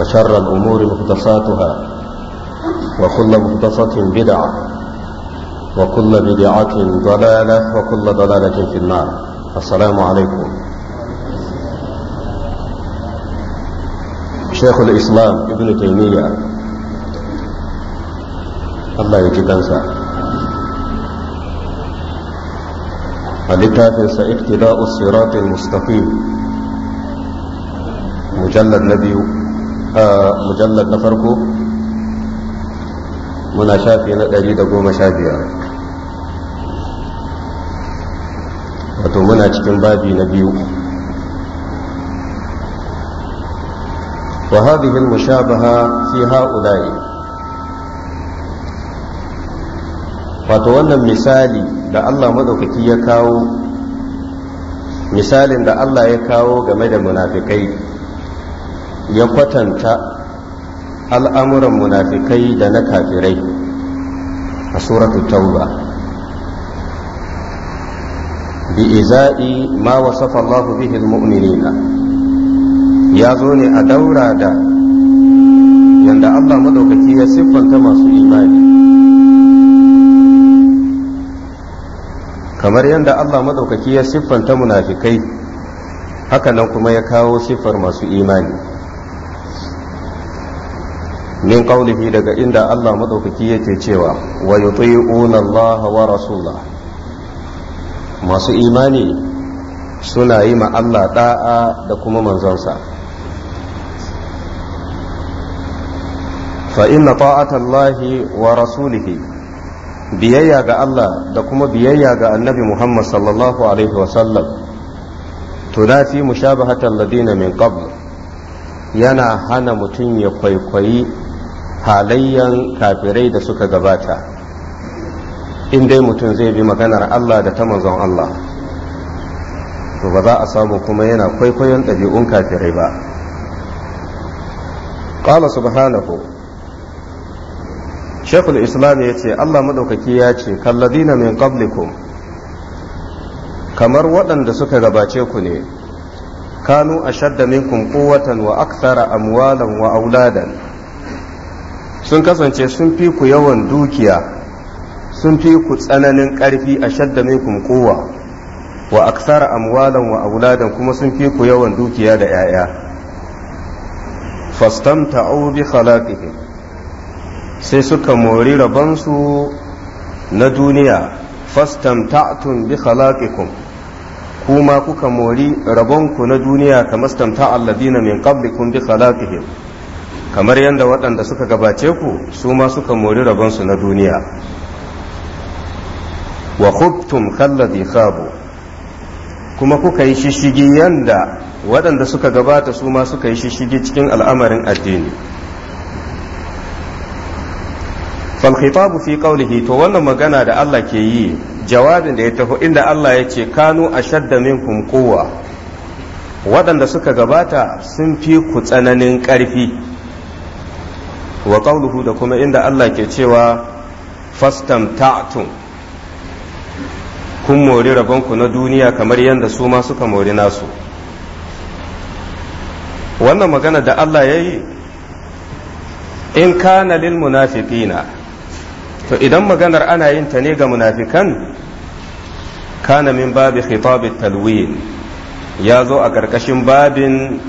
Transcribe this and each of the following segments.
وشر الأمور مختصاتها وكل مختصة بدعة وكل بدعة ضلالة وكل ضلالة في النار السلام عليكم شيخ الإسلام ابن تيمية الله يجب littafinsa iktida'u siratul الصراط المستقيم مجلد نبيه mujallar na farko muna shafi na ɗari da goma sha biyar wato muna cikin babi na biyu وهذه المشابهة في هؤلاء wato wannan misali da Allah madaukaki ya kawo misalin da Allah ya kawo game da munafikai ya kwatanta al'amuran munafikai da na kafirai a suratu tauba bi iza'i ma wasafa Allah bihi mu'minina ya zo ne a daura da yanda Allah madaukaki ya siffanta masu imani kamar yadda Allah madaukaki ya siffanta munafikai haka nan kuma ya kawo siffar masu imani من قوله daga inda Allah madaukaki yake cewa wa yuti'una Allah wa rasulah masu imani suna yi ma Allah da'a da kuma manzonsa fa biyayya ga Allah da kuma biyayya ga Annabi Muhammad sallallahu alaihi wa tunafi mushabahatan ladina min qabl yana hana mutum ya kwaikwayi halayyan kafirai da suka gabata in dai mutum zai bi maganar Allah da ta manzon Allah to ba za a samu kuma yana kwaikwayon ɗabi'un kafirai ba qala subhanahu shekul islam ya ce Allah maɗaukaki ya ce kalladina min qablikum kamar waɗanda suka gabace ku ne kanu ashadda minkum quwwatan wa aksara amwalan wa auladan sun kasance sun fi ku yawan dukiya sun fi ku tsananin ƙarfi a shadda minkum kowa wa aksara amwalan wa auladan kuma sun fi ku yawan dukiya da 'ya'ya fastamta'u bi khalaqihim sai suka mori rabansu na duniya fastamta'tum bi khalaqikum kuma kuka mori rabonku na duniya kamar alladina min qablikum bi khalaqihim kamar yadda waɗanda suka gabace ku su ma suka mori rabonsu na duniya wa khubtum kalladi khabu kuma kuka yi shishigi yadda waɗanda suka gabata su ma suka yi shishigi cikin al'amarin addini falkhitabu fi qawlihi to wannan magana da Allah ke yi jawabin da ya taho inda Allah ya ce kanu ashadda minkum quwwa waɗanda suka gabata sun fi ku tsananin ƙarfi wa qawluhu da kuma inda Allah ke cewa ta'tum kun mori rabonku na duniya kamar yadda su ma suka mori nasu wannan magana da Allah ya yi in kana lil munafiqina to idan maganar ana yin ta ne ga munafikan kana min babi khitab talwin ya zo a ƙarƙashin babin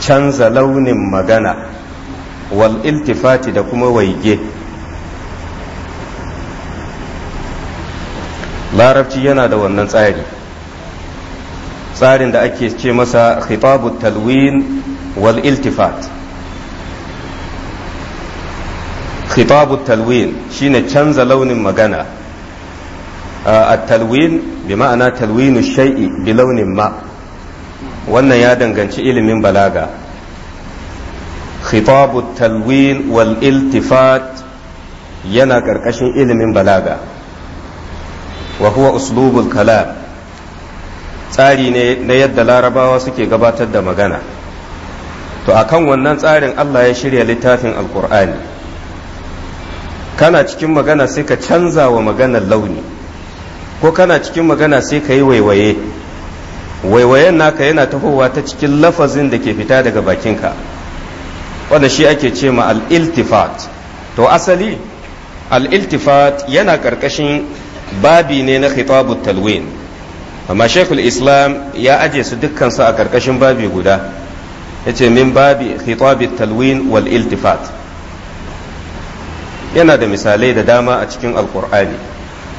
canza launin magana wal iltifati da kuma waige larabci yana da wannan tsari tsarin da ake ce masa khitabu talwin wal iltifat khitabu talwin shine canza launin magana a talwin bi ma'ana talwinu shai'i bi launin ma wannan ya danganci ilimin balaga khitabu talwil wal iltifat yana ƙarƙashin ilimin balaga wa huwa uslubul kalam tsari ne na yadda larabawa suke gabatar da magana to akan wannan tsarin Allah ya shirya littafin alkur'ani kana cikin magana sai ka canza wa maganar launi ko kana cikin magana sai ka yi waiwaye waiwayen naka yana tafowa ta cikin lafazin da ke fita daga bakinka wanda shi ake ce ma al'iltifat to asali al'iltifat yana ƙarƙashin babi ne na khitabut talwin amma shekul islam ya aje su dukkansu a ƙarƙashin babi guda ya ce min babi khitabut talwin wal iltifat yana da misalai da dama a cikin alƙur'ani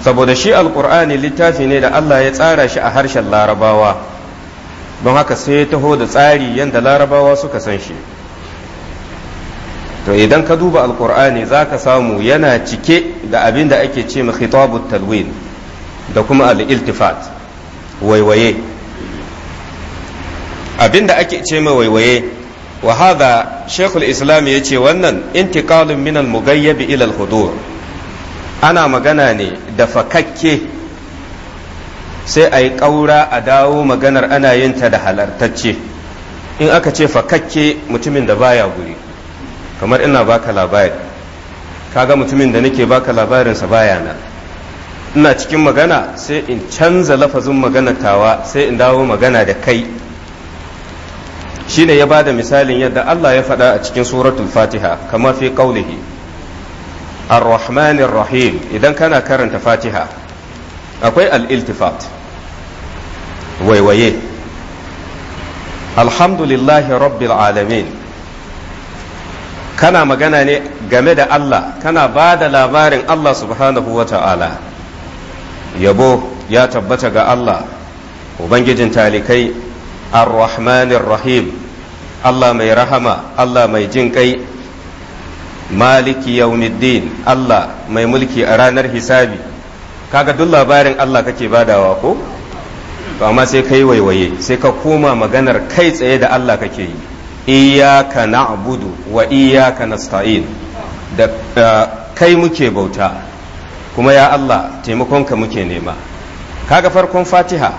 saboda shi alƙur'ani littafi ne da allah ya tsara shi a harshen larabawa don haka sai ya taho da tsari yadda larabawa suka san shi to idan ka duba alkur'ani za ka samu yana cike da abin da ake ce ma khitabu talwin da kuma al'iltifat waiwaye abin da ake ce ma waiwaye wa hada shaykhul islam ce wannan intiqalun min al-mughayyab ila al ana magana ne da fakakke sai a yi ƙaura a dawo maganar ana yin ta da halartacce in aka ce fakakke mutumin da baya guri kamar ina baka labari kaga mutumin da nake baka labarinsa baya na ina cikin magana sai in canza lafazin magana tawa sai in dawo magana da kai shine ya bada misalin yadda Allah ya faɗa a cikin suratul fatiha kamar fi qaulihi ar-rahmanir rahim idan kana karanta fatiha akwai al-iltifat waiwaye alhamdulillahi rabbil alamin kana magana ne game da Allah kana ba da labarin Allah subhanahu wa ta'ala yabo ya tabbata ga Allah ubangijin talikai ar-rahmanir rahim Allah mai rahama Allah mai jin kai maliki yaumiddin Allah mai mulki a ranar hisabi kaga duk labarin Allah kake badawa ko to amma sai kai waiwaye sai ka koma maganar kai tsaye da Allah kake yi iyyaka na'budu wa iyyaka nasta'in da uh, kai muke bauta kuma ya Allah taimakonka muke nema kaga farkon fatiha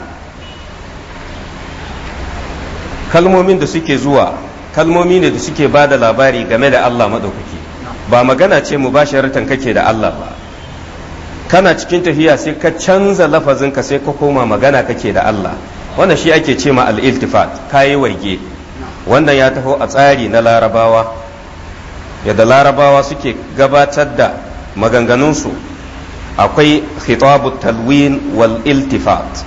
kalmomin da suke zuwa kalmomi ne da suke ba da labari game da Allah maɗaukaki ba magana ce mu ba kake da Allah ba kana cikin tafiya sai ka canza lafazinka sai ka koma magana kake da Allah wannan shi ake ce ma al-iltifat kayi warge wannan ya taho a tsari na larabawa yadda larabawa suke gabatar da maganganunsu akwai khitabu talwin wal iltifat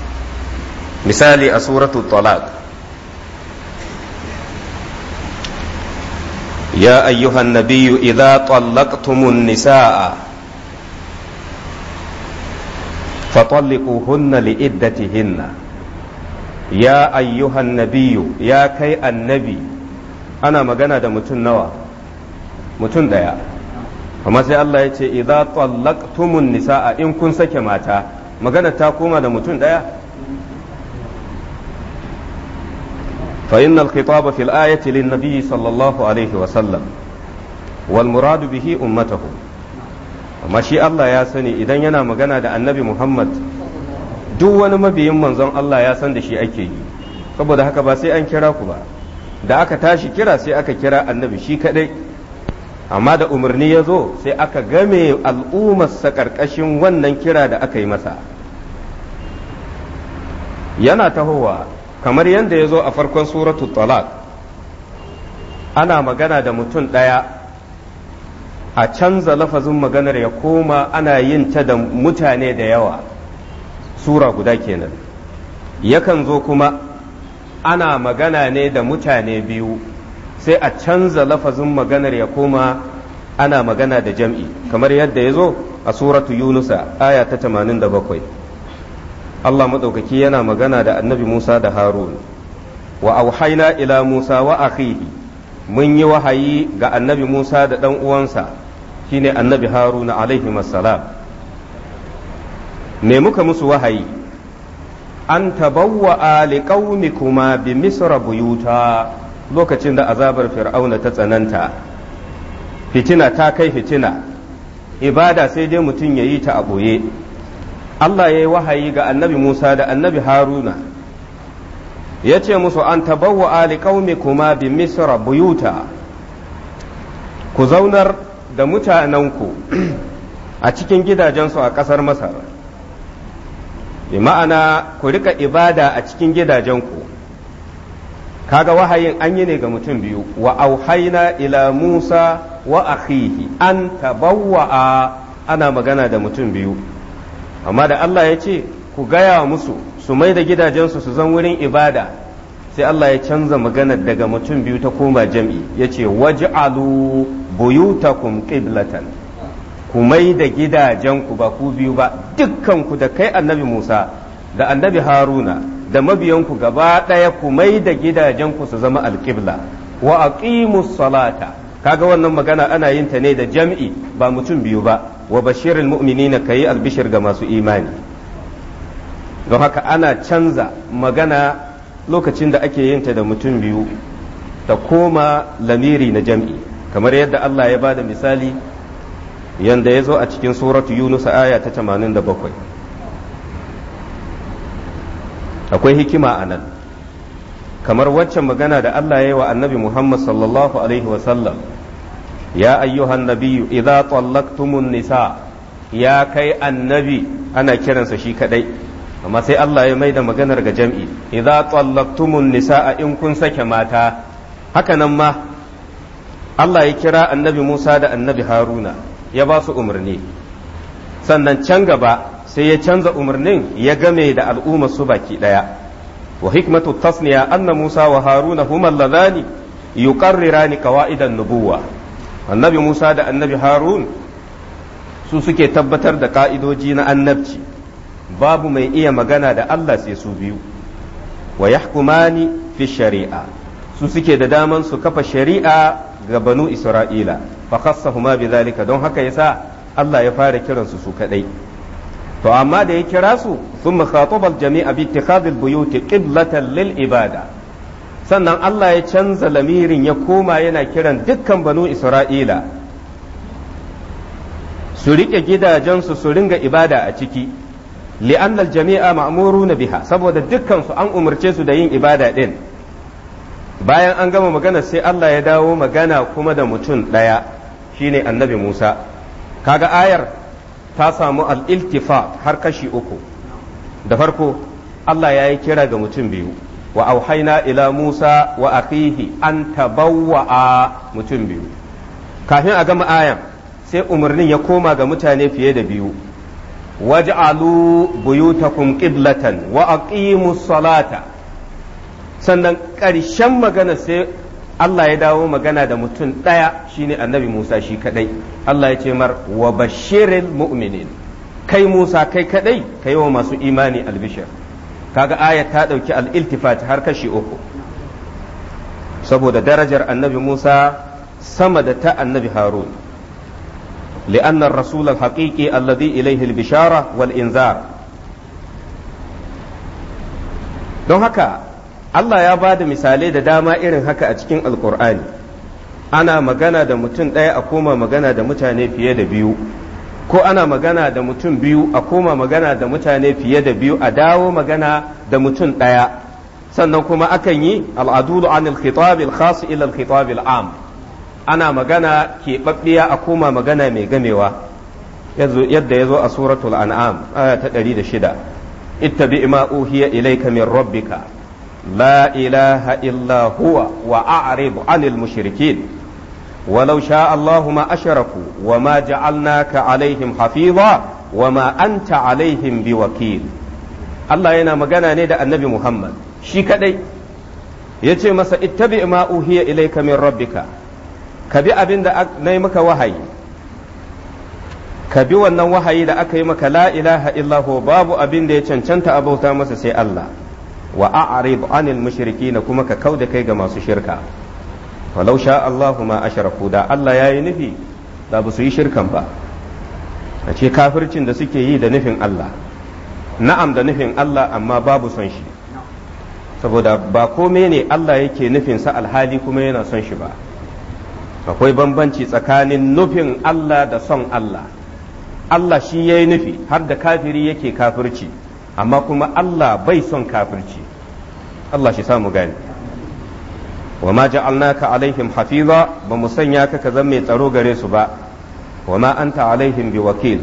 misali a suratu talaq يا أيها النبي إذا طلقتم النساء فطلقوهن لعدتهن ya ayyuhan nabiyu ya kai annabi ana magana da mutum nawa mutum ɗaya amma sai Allah ya ce idza tallaqtumun nisaa in kun sake mata magana ta koma da mutum ɗaya fa innal khitaba fil ayati lin nabiy sallallahu alaihi wa sallam wal muradu bihi ummatahu amma shi Allah ya sani idan yana magana da annabi Muhammad duk wani mabiyin manzon Allah ya san da shi ake yi saboda haka ba sai an kira ku ba da aka tashi kira sai aka kira annabi shi kadai amma da umarni ya zo sai aka game al'ummarsa karkashin wannan kira da aka yi masa yana tahowa kamar yadda ya zo a farkon suratul talak ana magana da mutum ɗaya a canza lafazin maganar ya koma ana yin ta da mutane da yawa sura guda kenan yakan zo kuma ana magana ne da mutane biyu sai a canza lafazin maganar ya koma ana magana da jam'i kamar yadda ya zo a suratu yunusa aya ta 87 Allah maɗaukaki yana magana da annabi Musa da Harun wa auhaina ila Musa wa akhihi mun yi wahayi ga annabi Musa da ɗan uwansa shine annabi Harun alaihi salam me muka musu wahayi an tabawwa liqaumi kuma bi misra buyuta lokacin da azabar fir'auna ta tsananta fitina ta kai fitina ibada sai dai mutum ya yi ta a ɓoye Allah ya yi wahayi ga annabi Musa da annabi Haruna ya ce musu an tabawwa ali ƙaumi kuma bi misra buyuta ku zaunar da mutanenku a cikin gidajensu a ƙasar Masar bi ma'ana ku rika ibada a cikin gidajenku kaga wahayin an yi ne ga mutum biyu wa auhaina ila musa wa akhihi an tabawwa ana magana da mutum biyu amma da Allah ya ce ku gaya musu su mai da gidajensu su zan wurin ibada sai Allah ya canza magana daga mutum biyu ta koma jam'i ya ce waj'alu buyutakum qiblatan ku mai da gidajenku ba ku biyu ba dukkanku da kai annabi Musa da annabi Haruna da mabiyanku gaba ɗaya ku mai da gidajenku su zama alƙibla wa aqimus salata kaga wannan magana ana yin ta ne da jam'i ba mutum biyu ba wa bashirul mu'minina kayi albishir ga masu imani don haka ana canza magana lokacin da ake yin ta da mutum biyu ta koma lamiri na jam'i kamar yadda Allah ya bada misali yanda ya zo a cikin suratu yunus aya ta 87 akwai hikima a nan kamar waccan magana da Allah ya yi wa annabi Muhammad sallallahu alaihi wasallam ya ayyuhan nabiyyu idza tallaqtumun nisa ya kai annabi ana kiransa shi kadai amma sai Allah ya mai da maganar ga jam'i idza nisa a in kun sake mata hakanan ma Allah ya kira annabi Musa da annabi Haruna ya ba su umarni sannan can gaba sai ya canza umarnin ya game da al'ummar su baki ɗaya wa hikmatu tasniya anna musa wa haruna huma alladhani yuqarrirani qawaidan nubuwa annabi musa da annabi harun su suke tabbatar da ka'idoji na annabci babu mai iya magana da Allah sai su biyu wa yahkumani fi shari'a su suke da daman su kafa shari'a ga banu isra'ila fa khassahuma bidhalika don haka yasa Allah ya fara kiransu su kadai to amma da ya kira su thumma khataba al-jami'a bi ittikhadhi al-buyut qiblatan lil ibada sannan Allah ya canza lamirin ya koma yana kiran dukkan banu isra'ila su rike gidajensu su ringa ibada a ciki li'anna al-jami'a ma'muruna biha saboda dukkan su an umarce su da yin ibada din bayan an gama magana sai Allah ya dawo magana kuma da mutum ɗaya shine annabi Musa kaga ayar ta samu al'iltifa har kashi uku da farko Allah ya yi kira ga mutum biyu wa auhaina ila Musa wa akhihi an a mutum biyu kafin a gama ayan sai umarnin ya koma ga mutane fiye da biyu waj'alu buyutakum qiblatan wa aqimus salata sannan ƙarshen magana sai Allah ya dawo magana da mutum ɗaya shine annabi Musa shi kadai Allah ya ce mar wa bashirin mu'minin kai Musa kai kadai yi wa masu imani albishir kaga ayat ta ɗauki al'iltifat har kashi uku saboda darajar annabi Musa sama da ta annabi Harun لأن الرسول الحقيقي الذي إليه البشارة والإنذار don haka Allah ya ba da misalai da dama irin haka a cikin alkur'ani ana magana da mutum ɗaya a koma magana da mutane fiye da biyu ko ana magana da mutum biyu a koma magana da mutane fiye da biyu a dawo magana da mutum ɗaya sannan kuma akan yi al'adulu an al-khitab al-khas ila am ana magana keɓaɓɓiya a koma magana mai gamewa yadda ya zo a suratul an'am aya ta 106 ittabi ma uhiya ilayka min rabbika لا إله إلا هو وأعرض عن المشركين ولو شاء الله ما أشركوا وما جعلناك عليهم حفيظا وما أنت عليهم بوكيل الله ينا مغانا نيدا النبي محمد شي كدي yace masa ittabi ma uhiya ilayka min rabbika ka bi abin da nayi maka wahayi ka bi wannan wahayi da aka yi maka la ilaha illahu babu abinda ya cancanta abauta masa sai Allah wa a'rid anil mushrikeena kuma ka kauda kai ga masu shirka walau sha Allahu ma ashraku da Allah yayi nufi da ba su yi shirkan ba a ce kafircin da suke yi da nufin Allah na'am da nufin Allah amma babu son shi saboda ba komai ne Allah yake nufin sa alhali kuma yana son shi ba akwai bambanci tsakanin nufin Allah da son Allah Allah shi yayi nufi har da kafiri yake kafirci amma kuma Allah bai son kafirci Allah shi mu gani wa ma ja'alnaka alaihim hafiza ba mu sanya ka ka zama mai tsaro gare su ba wa ma bi wakil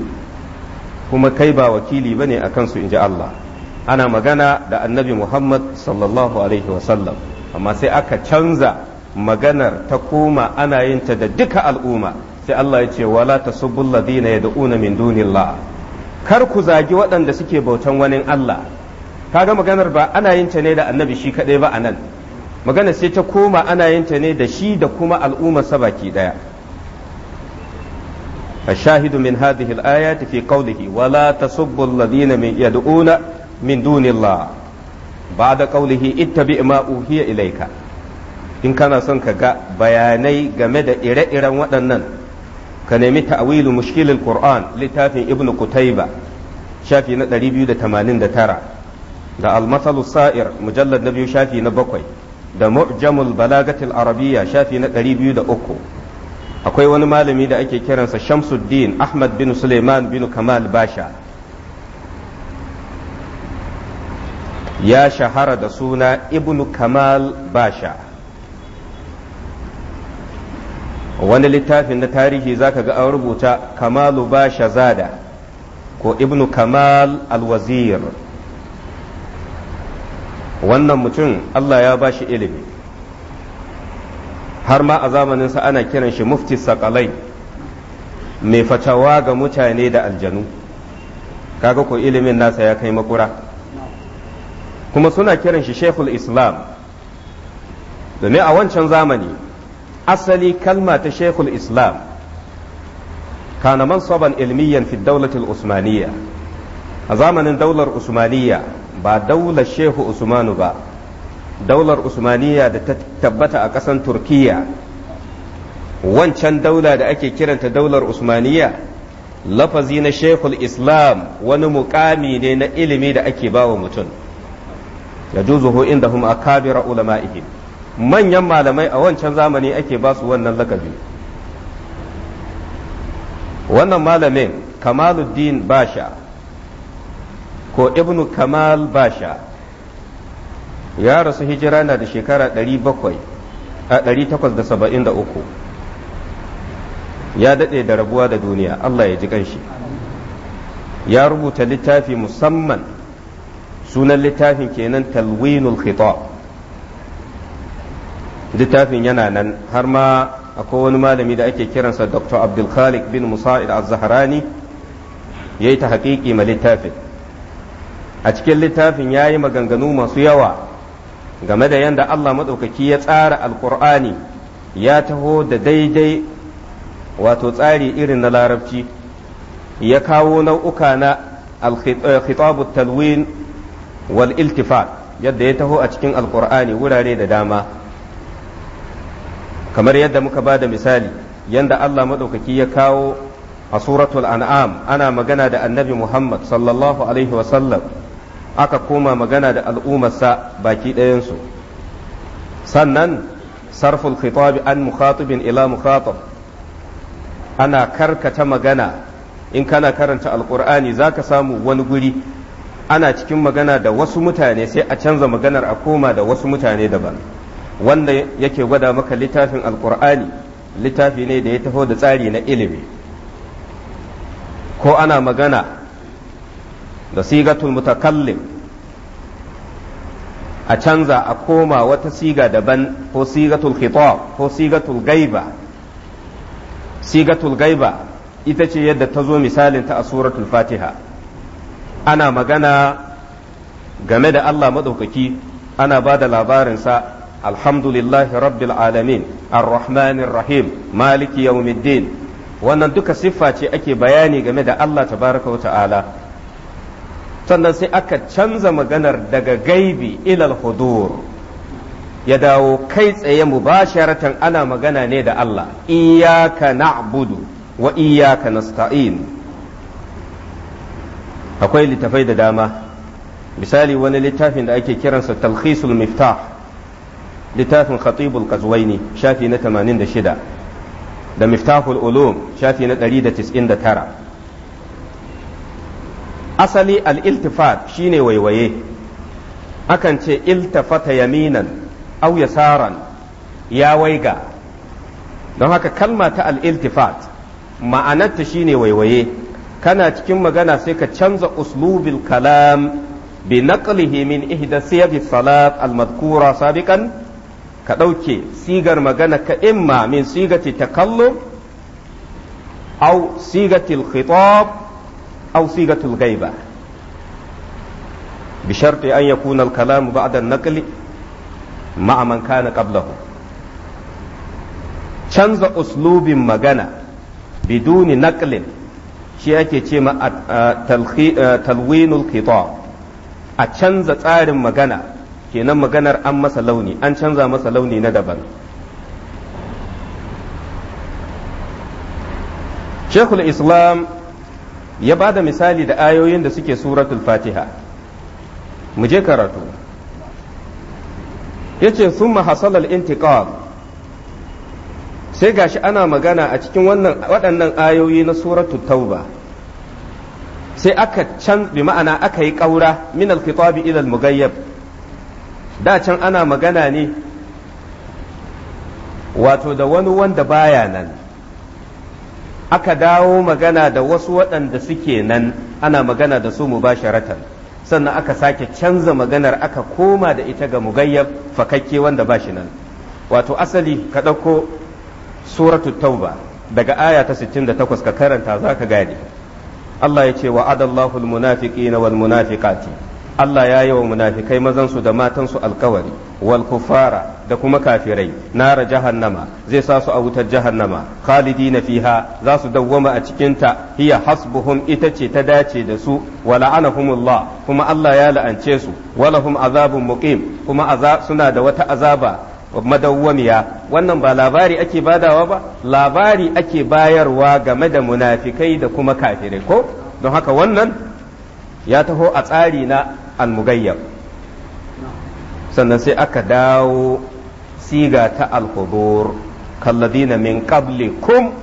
kuma kai ba wakili bane akan su inji Allah ana magana da annabi Muhammad sallallahu alaihi wasallam amma sai aka canza maganar ta koma ana yin ta da duka al'umma sai Allah ya ce wala tasubbul ladina yad'una min dunillah kar ku zagi waɗanda suke bautan wani Allah ka ga maganar ba ana yin ta ne da annabi shi kadai ba anan maganar sai ta koma ana yin ta ne da shi da kuma al'umma sabaki daya. a shahidu min haza hil'ad ya tafi kawulit wala ta su balji na min duniya. ba da kawuliti in ta ma ubu hiya ilaika in kana son ka ga bayanai game da ire-iren waɗannan ka nemi ta'awilin mushkilin kur'an littafin ibnu kutaiba shafi na ɗari biyu da tara. da almasalu sa'ir mujallar na biyu shafi na bakwai da mu'jamul balagatil arabiyya shafi na ɗari biyu da uku akwai wani malami da ake kiransa shamsuddin ahmad bin suleiman bin kamal basha ya shahara da suna ibnu kamal basha wani littafin na tarihi zaka ga an rubuta kamalu basha zada ko ibnu kamal alwazir wannan mutum Allah ya ba shi ilimi har ma a zamaninsa ana kiran shi mufti sakalai mai fatawa ga mutane da aljanu kaga ko ilimin nasa ya kai makura kuma suna kiran shi shekul islam domin a wancan zamani asali kalma ta shekul islam kana mansaban ilmiyan fi daulatul usmaniya a zamanin daular usmaniyya ba daular shehu usmanu ba daular usmaniya da ta tabbata a ƙasan turkiya wancan daula da ake kiranta daular usmaniya lafazi na shekul islam wani mukami ne na ilimi da ake bawa mutum ya juzuhu inda hum akabira ulama'ihim manyan malamai a wancan zamani ake ba su wannan lakabi wannan malamin kamaluddin basha ko ibnu kamal basha ya rasu hijira na da shekara 873 ya daɗe da rabuwa da duniya Allah ya ji kanshi ya rubuta littafi musamman sunan littafin kenan talwinul khitab littafin yana nan har ma akwai wani malami da ake kiransa dr abdulkhalik bin musa'id az-zahrani ya yi ta haƙiƙi ma littafin a cikin littafin ya yi maganganu masu yawa game da yadda Allah maɗaukaki ya tsara alkur'ani ya taho da daidai wato tsari irin na larabci ya kawo nau'uka na alkhitabu eh, talwin wal iltifat yadda ya taho a cikin alkur'ani wurare da dama kamar yadda muka ba da misali yadda Allah maɗaukaki ya kawo a suratul an'am ana magana da annabi Muhammad sallallahu alaihi wasallam aka koma magana da al'ummarsa baki ɗayansu sannan sarful khitabi an mukhatibin ila mukhatab ana karkata magana in kana karanta alkur'ani za ka samu wani guri ana cikin magana da wasu mutane sai a canza maganar a koma da wasu mutane daban wanda yake gwada maka littafin alkur'ani littafi ne da ya taho da tsari na ilimi ko ana magana da sigatul mutakallim a canza a koma wata siga daban ko sigatul khitab ko sigatul gaiba sigatul gaiba ita ce yadda ta zo misalin ta a suratul fatiha ana magana game da Allah maɗaukaki ana ba da labarinsa alhamdulillahi rabbil alamin arrahmanir rahim maliki yawmiddin wannan duka siffa ce ake bayani game da Allah tabaraka wa ta'ala sannan sai aka canza maganar daga gaibi ilal hudur ya dawo kai tsaye mubasharatan ana magana ne da Allah iyaka na'budu wa iyaka nasta'in akwai littafai da dama misali wani littafin da ake kiransa talkhisul miftah littafin khatibul qazwaini shafi na 86 da miftahul ulum shafi na 199 asali al-iltifat shine waiwaye akan ce iltafata yaminan au yasaran ya waiga don haka kalma ta al-iltifat shi shine waiwaye kana cikin magana sai ka canza uslubil kalam bi naqlihi min ihda siyagi salat al-madkura sabiqan ka ɗauke sigar magana ka imma min sigati takallum au sigati al-khitab Ausi sigatul ghaiba bi sharti an yakuna al kalam ba'da an naqli ma'a canza uslubin magana biduni naqlin shi ake ce ma talwinul khitab a canza tsarin magana kenan maganar an masa launi an canza masa launi na daban shekul islam ya ba da misali da ayoyin da suke suratul fatiha mu je karatu ya ce sun mahasalar intiqam sai gashi ana magana a cikin waɗannan ayoyi na suratul tauba sai aka can bi ma'ana aka yi ƙaura min alkitabi ilal mugayyab da can ana magana ne wato da wani wanda baya nan aka dawo magana da wasu waɗanda suke nan ana magana da su mubasharatan sannan aka sake canza maganar aka koma da ita ga mugayyab fakakke wanda ba shi nan wato asali ka ɗauko suratul tauba daga aya ta 68 ka karanta za ka gane Allah ya ce wa'adallahu almunafiqina wal Allah ya yi wa munafikai mazansu da matansu alkawari wal kufara da kuma kafirai nara jahannama zai sa su a wutar jahannama khalidina fiha za su dawwama a cikinta hiya hasbuhum ita ce ta dace da su wa la'anahumullah kuma Allah ya la'ance su walahum azabun muqim kuma suna da wata azaba madawwamiya wannan ba labari ake badawa ba labari ake bayarwa game da munafikai da kuma kafirai ko don haka wannan ya taho a tsari na al-mughayyab sannan sai aka dawo siga ta al-hudur kalladina min qablikum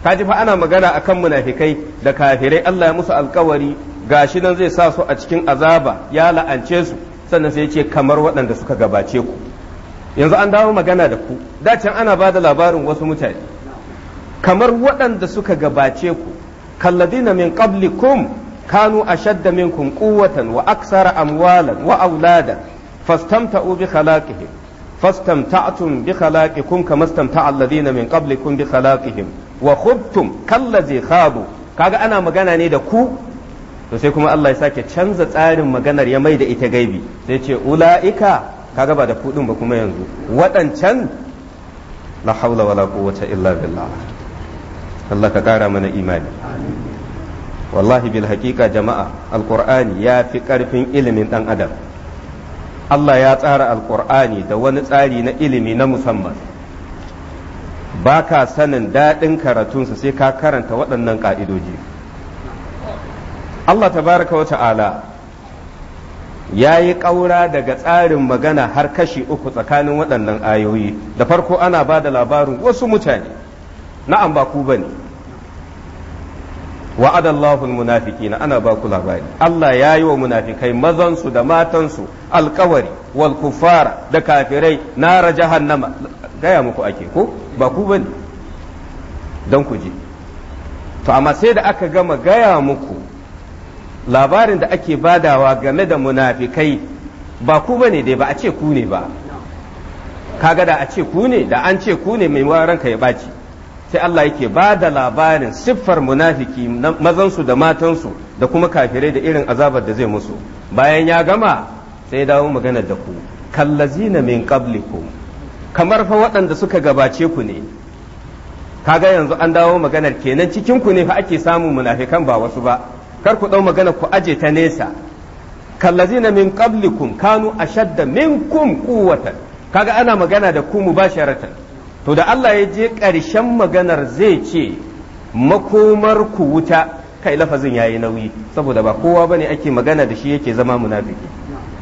kaji fa ana magana akan munafikai da kafirai Allah ya musu alkawari gashi nan zai sa su a cikin azaba ya la'ance su sannan sai ya ce kamar waɗanda suka gabace ku yanzu an dawo magana da ku dace ana ba da labarin wasu mutane kamar waɗanda suka gabace ku kalladina min qablikum kanu ashadda minkum quwwatan wa aksara amwalan wa auladan fastamta'u bi khalaqihim fastamta'tum bi khalaqikum kama istamta'a alladhina min qablikum bi khalaqihim wa khubtum kallazi khabu kaga ana magana ne da ku to sai kuma Allah ya sake canza tsarin maganar ya mai da ita gaibi sai ce ula'ika kaga ba da kuɗin ba kuma yanzu waɗancan la haula wala quwwata illa billah Allah ka kara mana imani wallahi bil haƙiƙa jama'a alƙur'ani ya fi ƙarfin ilimin ɗan adam Allah ya tsara alƙur'ani da wani tsari na ilimi na musamman ba ka sanin daɗin karatunsa sai ka karanta waɗannan ƙa'idoji Allah tabaraka wa ta'ala ya yi ƙaura daga tsarin magana har kashi uku tsakanin waɗannan ayoyi da farko ana ba da labarin wasu mutane na'am ba ku bane wa'ada Allahul munafiqina ana ba ku labari Allah ya yi wa munafikai mazansu da matansu alkawari wal kufara da kafirai nara jahannama gaya muku ake ko ba ku bane don ku ji to amma sai da aka gama gaya muku labarin da ake badawa game da munafikai ba ku bane dai ba a ce ku ne ba kaga da a ce ku ne da an ce ku ne mai waranka ya baci sai Allah yake ba da labarin siffar munafiki mazansu da matansu da kuma kafirai da irin azabar da zai musu bayan ya gama sai dawo magana da ku kallazina min qablikum kamar fa waɗanda suka gabace ku ne kaga yanzu an dawo maganar kenan cikin ku ne fa ake samun munafikan ba wasu ba kar ku dau magana ku aje ta nesa kallazina min qablikum kanu ashadda minkum quwwatan kaga ana magana da ku mubasharatan to da Allah ya je ƙarshen maganar zai ce makomar ku wuta kai lafazin yayi nauyi saboda ba kowa bane ake magana da shi yake zama munafiki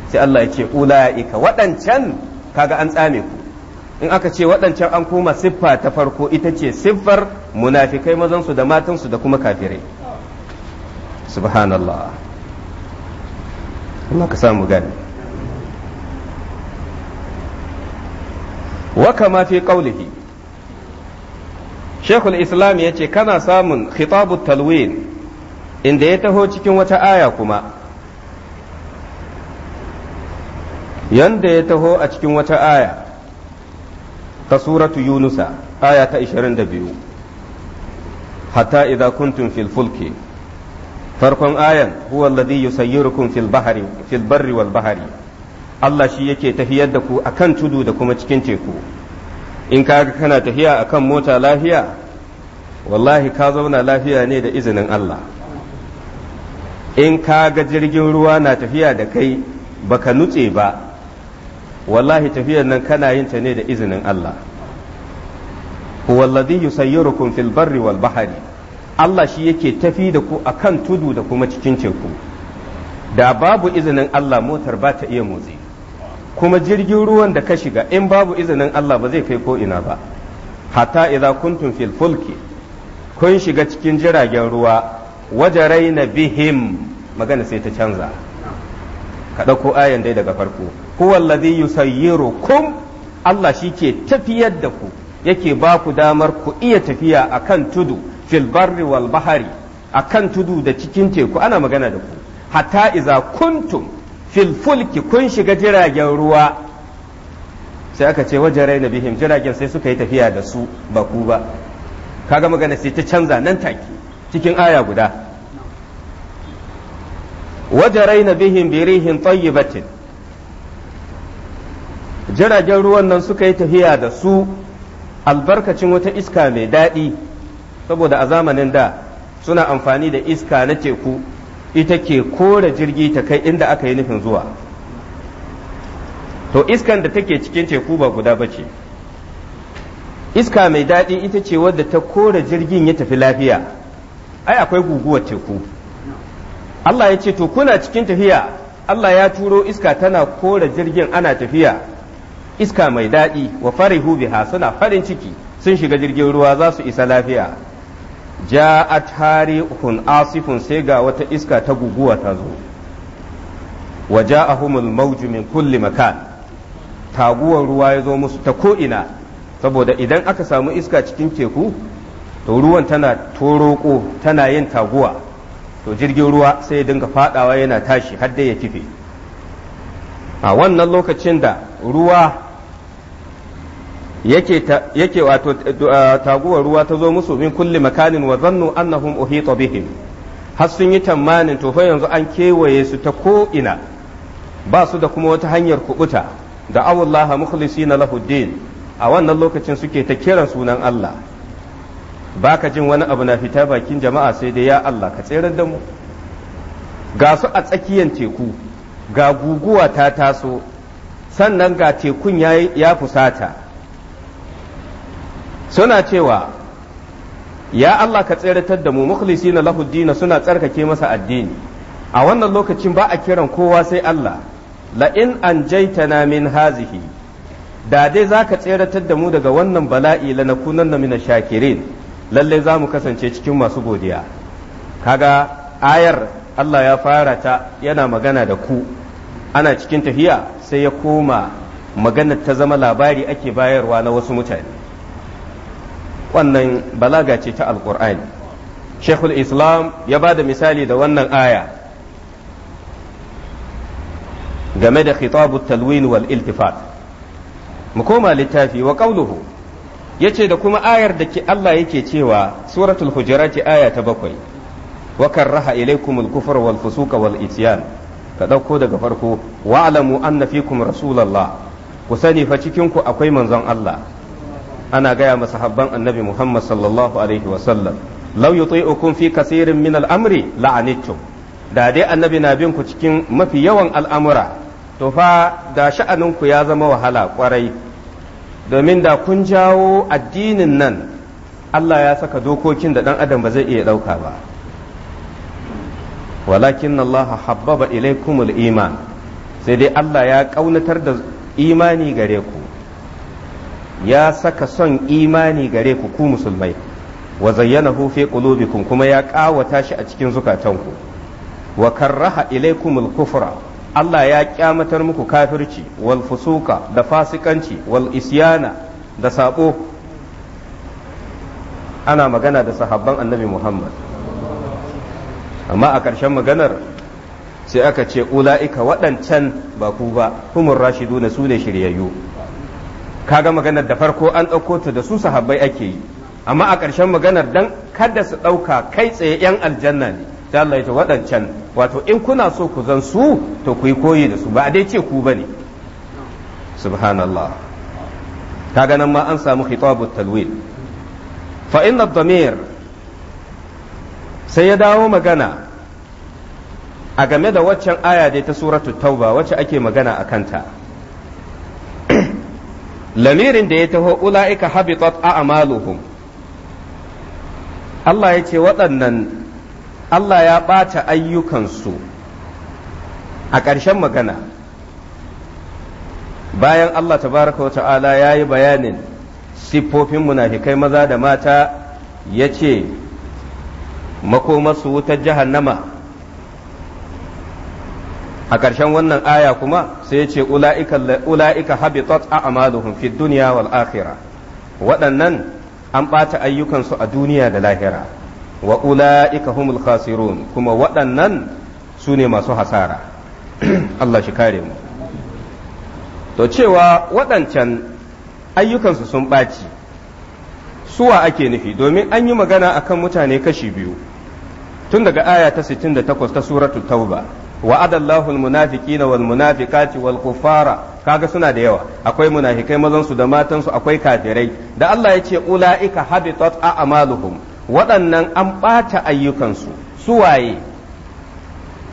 sai Allah ya ce ulaika waɗancan kaga an tsame ku in aka ce waɗancan an koma siffa ta farko ita ce siffar munafikai su da matan su da kuma kafirai subhanallah Allah ka samu gani wa kama fi qawlihi shekul islam ya ce kana samun khitabu talwin inda ya taho cikin wata aya kuma yanda ya taho a cikin wata aya ta suratu yunusa aya ta 22 hatta idza kuntum fil farkon ayan huwa alladhi yusayyirukum fil bahri bahari. Allah shi yake tafiyar da ku akan tudu da kuma cikin teku in ka kana tafiya a kan mota lafiya wallahi ka zauna lafiya ne da izinin Allah in ka ga jirgin ruwa na tafiya da kai baka nutse ba wallahi tafiyar nan kana yin ta ne da izinin Allah huwallazi yusayyirukum fil barri wal bahari Allah shi yake tafi da ku akan tudu da kuma cikin teku da babu izinin Allah motar ba ta iya motsi kuma jirgin ruwan da ka shiga in babu izinin Allah ba zai kai ko ina ba hatta idza kuntum fil fulki kun shiga cikin jiragen ruwa wajaraina bihim magana sai ta canza ka dauko ayan dai daga farko huwa alladhi yusayyirukum Allah shi ke tafiyar da ku yake ba ku damar ku iya tafiya akan tudu fil barri wal bahari akan tudu da cikin teku ana magana da ku hatta iza kuntum fil fulki kun shiga jiragen ruwa sai aka ce wajen raina bihim jiragen sai suka yi tafiya da su ba ku ba kaga magana sai ta canza nan take cikin aya guda wajen raina bihim birihin tayyibatin jiragen ruwan nan suka yi tafiya da su albarkacin wata iska mai daɗi saboda a zamanin da suna amfani da iska na teku ita ke kore jirgi ta kai inda aka yi nufin zuwa to iskan da take cikin teku ba guda ba ce iska mai daɗi ita ce wadda ta kore jirgin ya tafi lafiya ai akwai guguwar teku Allah ya ce to kuna cikin tafiya Allah ya turo iska tana kore jirgin ana tafiya iska mai daɗi wa farihu biha suna farin ciki sun shiga jirgin ruwa za su isa lafiya ja'at harihun asifun sai ga wata iska ta guguwa ta zo wa ja'ahumul mawju min kulli makan taguwar ruwa ya zo musu ta ko'ina saboda idan aka samu iska cikin teku to ruwan tana toroko tana yin taguwa to jirgin ruwa sai ya dinga fadawa yana tashi har dai ya kife a wannan lokacin da ruwa yake wato eh, eh, taguwar ruwa ta zo musu min kulli makanin wa zannu annahum uhita bihim har sun yi tamanin to fa yanzu an kewaye su ta ko ina ba su da kuma wata hanyar kubuta da awullaha mukhlisina lahu din a wannan lokacin suke ta kiran sunan Allah baka jin wani abu na fita bakin jama'a sai dai ya Allah ka tsere da mu ga su a tsakiyar teku ga guguwa ta taso sannan ga tekun ya fusata suna cewa ya Allah ka tseratar da mu mukhlisi na dina suna tsarkake masa addini a wannan lokacin ba a kiran kowa sai Allah la in na min hazihi da dai za ka tseratar da mu daga wannan bala'i la na mina shakirin lalle za mu kasance cikin masu godiya kaga ayar Allah ya fara ta yana magana da ku ana cikin tafiya sai ya koma maganar ta zama labari ake bayarwa na wasu mutane wannan balaga ce ta alkur'ani shekul islam ya ba da misali da wannan aya game da khitabu talwin wal iltifat mu koma littafi wa ya yace da kuma ayar da ke Allah yake cewa suratul hujurati aya ta bakwai wa karraha ilaykumul kufra wal fusuqa wal isyan ka ɗauko daga farko wa'lamu anna fikum rasulallah ku sani fa cikin ku akwai manzon Allah ana gaya masa habban annabi Muhammad sallallahu alaihi wasallam law yuti'ukum fi kasirin min al'amri la'anittum da dai annabi na bin ku cikin mafi yawan al'amura to fa da sha'aninku ya zama wahala kwarai domin da kun jawo addinin nan Allah ya saka dokokin da ɗan adam ba zai iya ɗauka ba walakin Allah habbaba ilaikumul iman sai dai Allah ya ƙaunatar da imani gare ku ya saka son imani gare ku ku musulmai wa hufe fi qulubikum kuma ya kawata shi a cikin zukatanku wa karraha ilaykumul kufra Allah ya kyamatar muku kafirci wal fusuka da fasikanci wal isyana da sabo ana magana da sahabban annabi Muhammad amma a ƙarshen maganar sai aka ce ula'ika waɗancan ba ku ba humur rashiduna su ne shiryayyu Ka ga maganar da farko an ɗauko ta da su sahabbai ake yi amma a ƙarshen maganar dan kada su ɗauka kai tsaye yan aljanna ne da Allah ya waɗancan wato in kuna so ku zan su to ku yi koyi da su ba a dai ce ku bane subhanallah kaga nan ma an samu khitabut talwin fa inna damir sai ya dawo magana a game da waccan aya dai ta suratu tauba wacce ake magana a kanta lamirin da ya taho ula'ika habitat a'maluhum Allah ya ce waɗannan Allah ya ɓata ayyukansu a ƙarshen magana bayan Allah tabaraka wa ta'ala ya yi bayanin siffofin munafikai maza da mata ya ce makomarsu wutar jahannama a ƙarshen wannan aya kuma sai ya ce ula'ika habitat amaluhun fi duniya wal akhira waɗannan an ɓata ayyukansu a duniya da lahira wa ula'ika humul khasirun kuma waɗannan su ne masu hasara Allah shi kare mu to cewa waɗancan ayyukansu sun ɓaci suwa ake nufi domin an yi magana akan mutane kashi biyu tun daga aya ta 68 ta suratul tauba wa'ada Allahu almunafiqina wal munafiqati wal kaga suna da yawa akwai munafikai mazan su da matan su akwai kafirai da Allah ya ce ulaika habitat a'maluhum waɗannan an ɓata ayyukansu su waye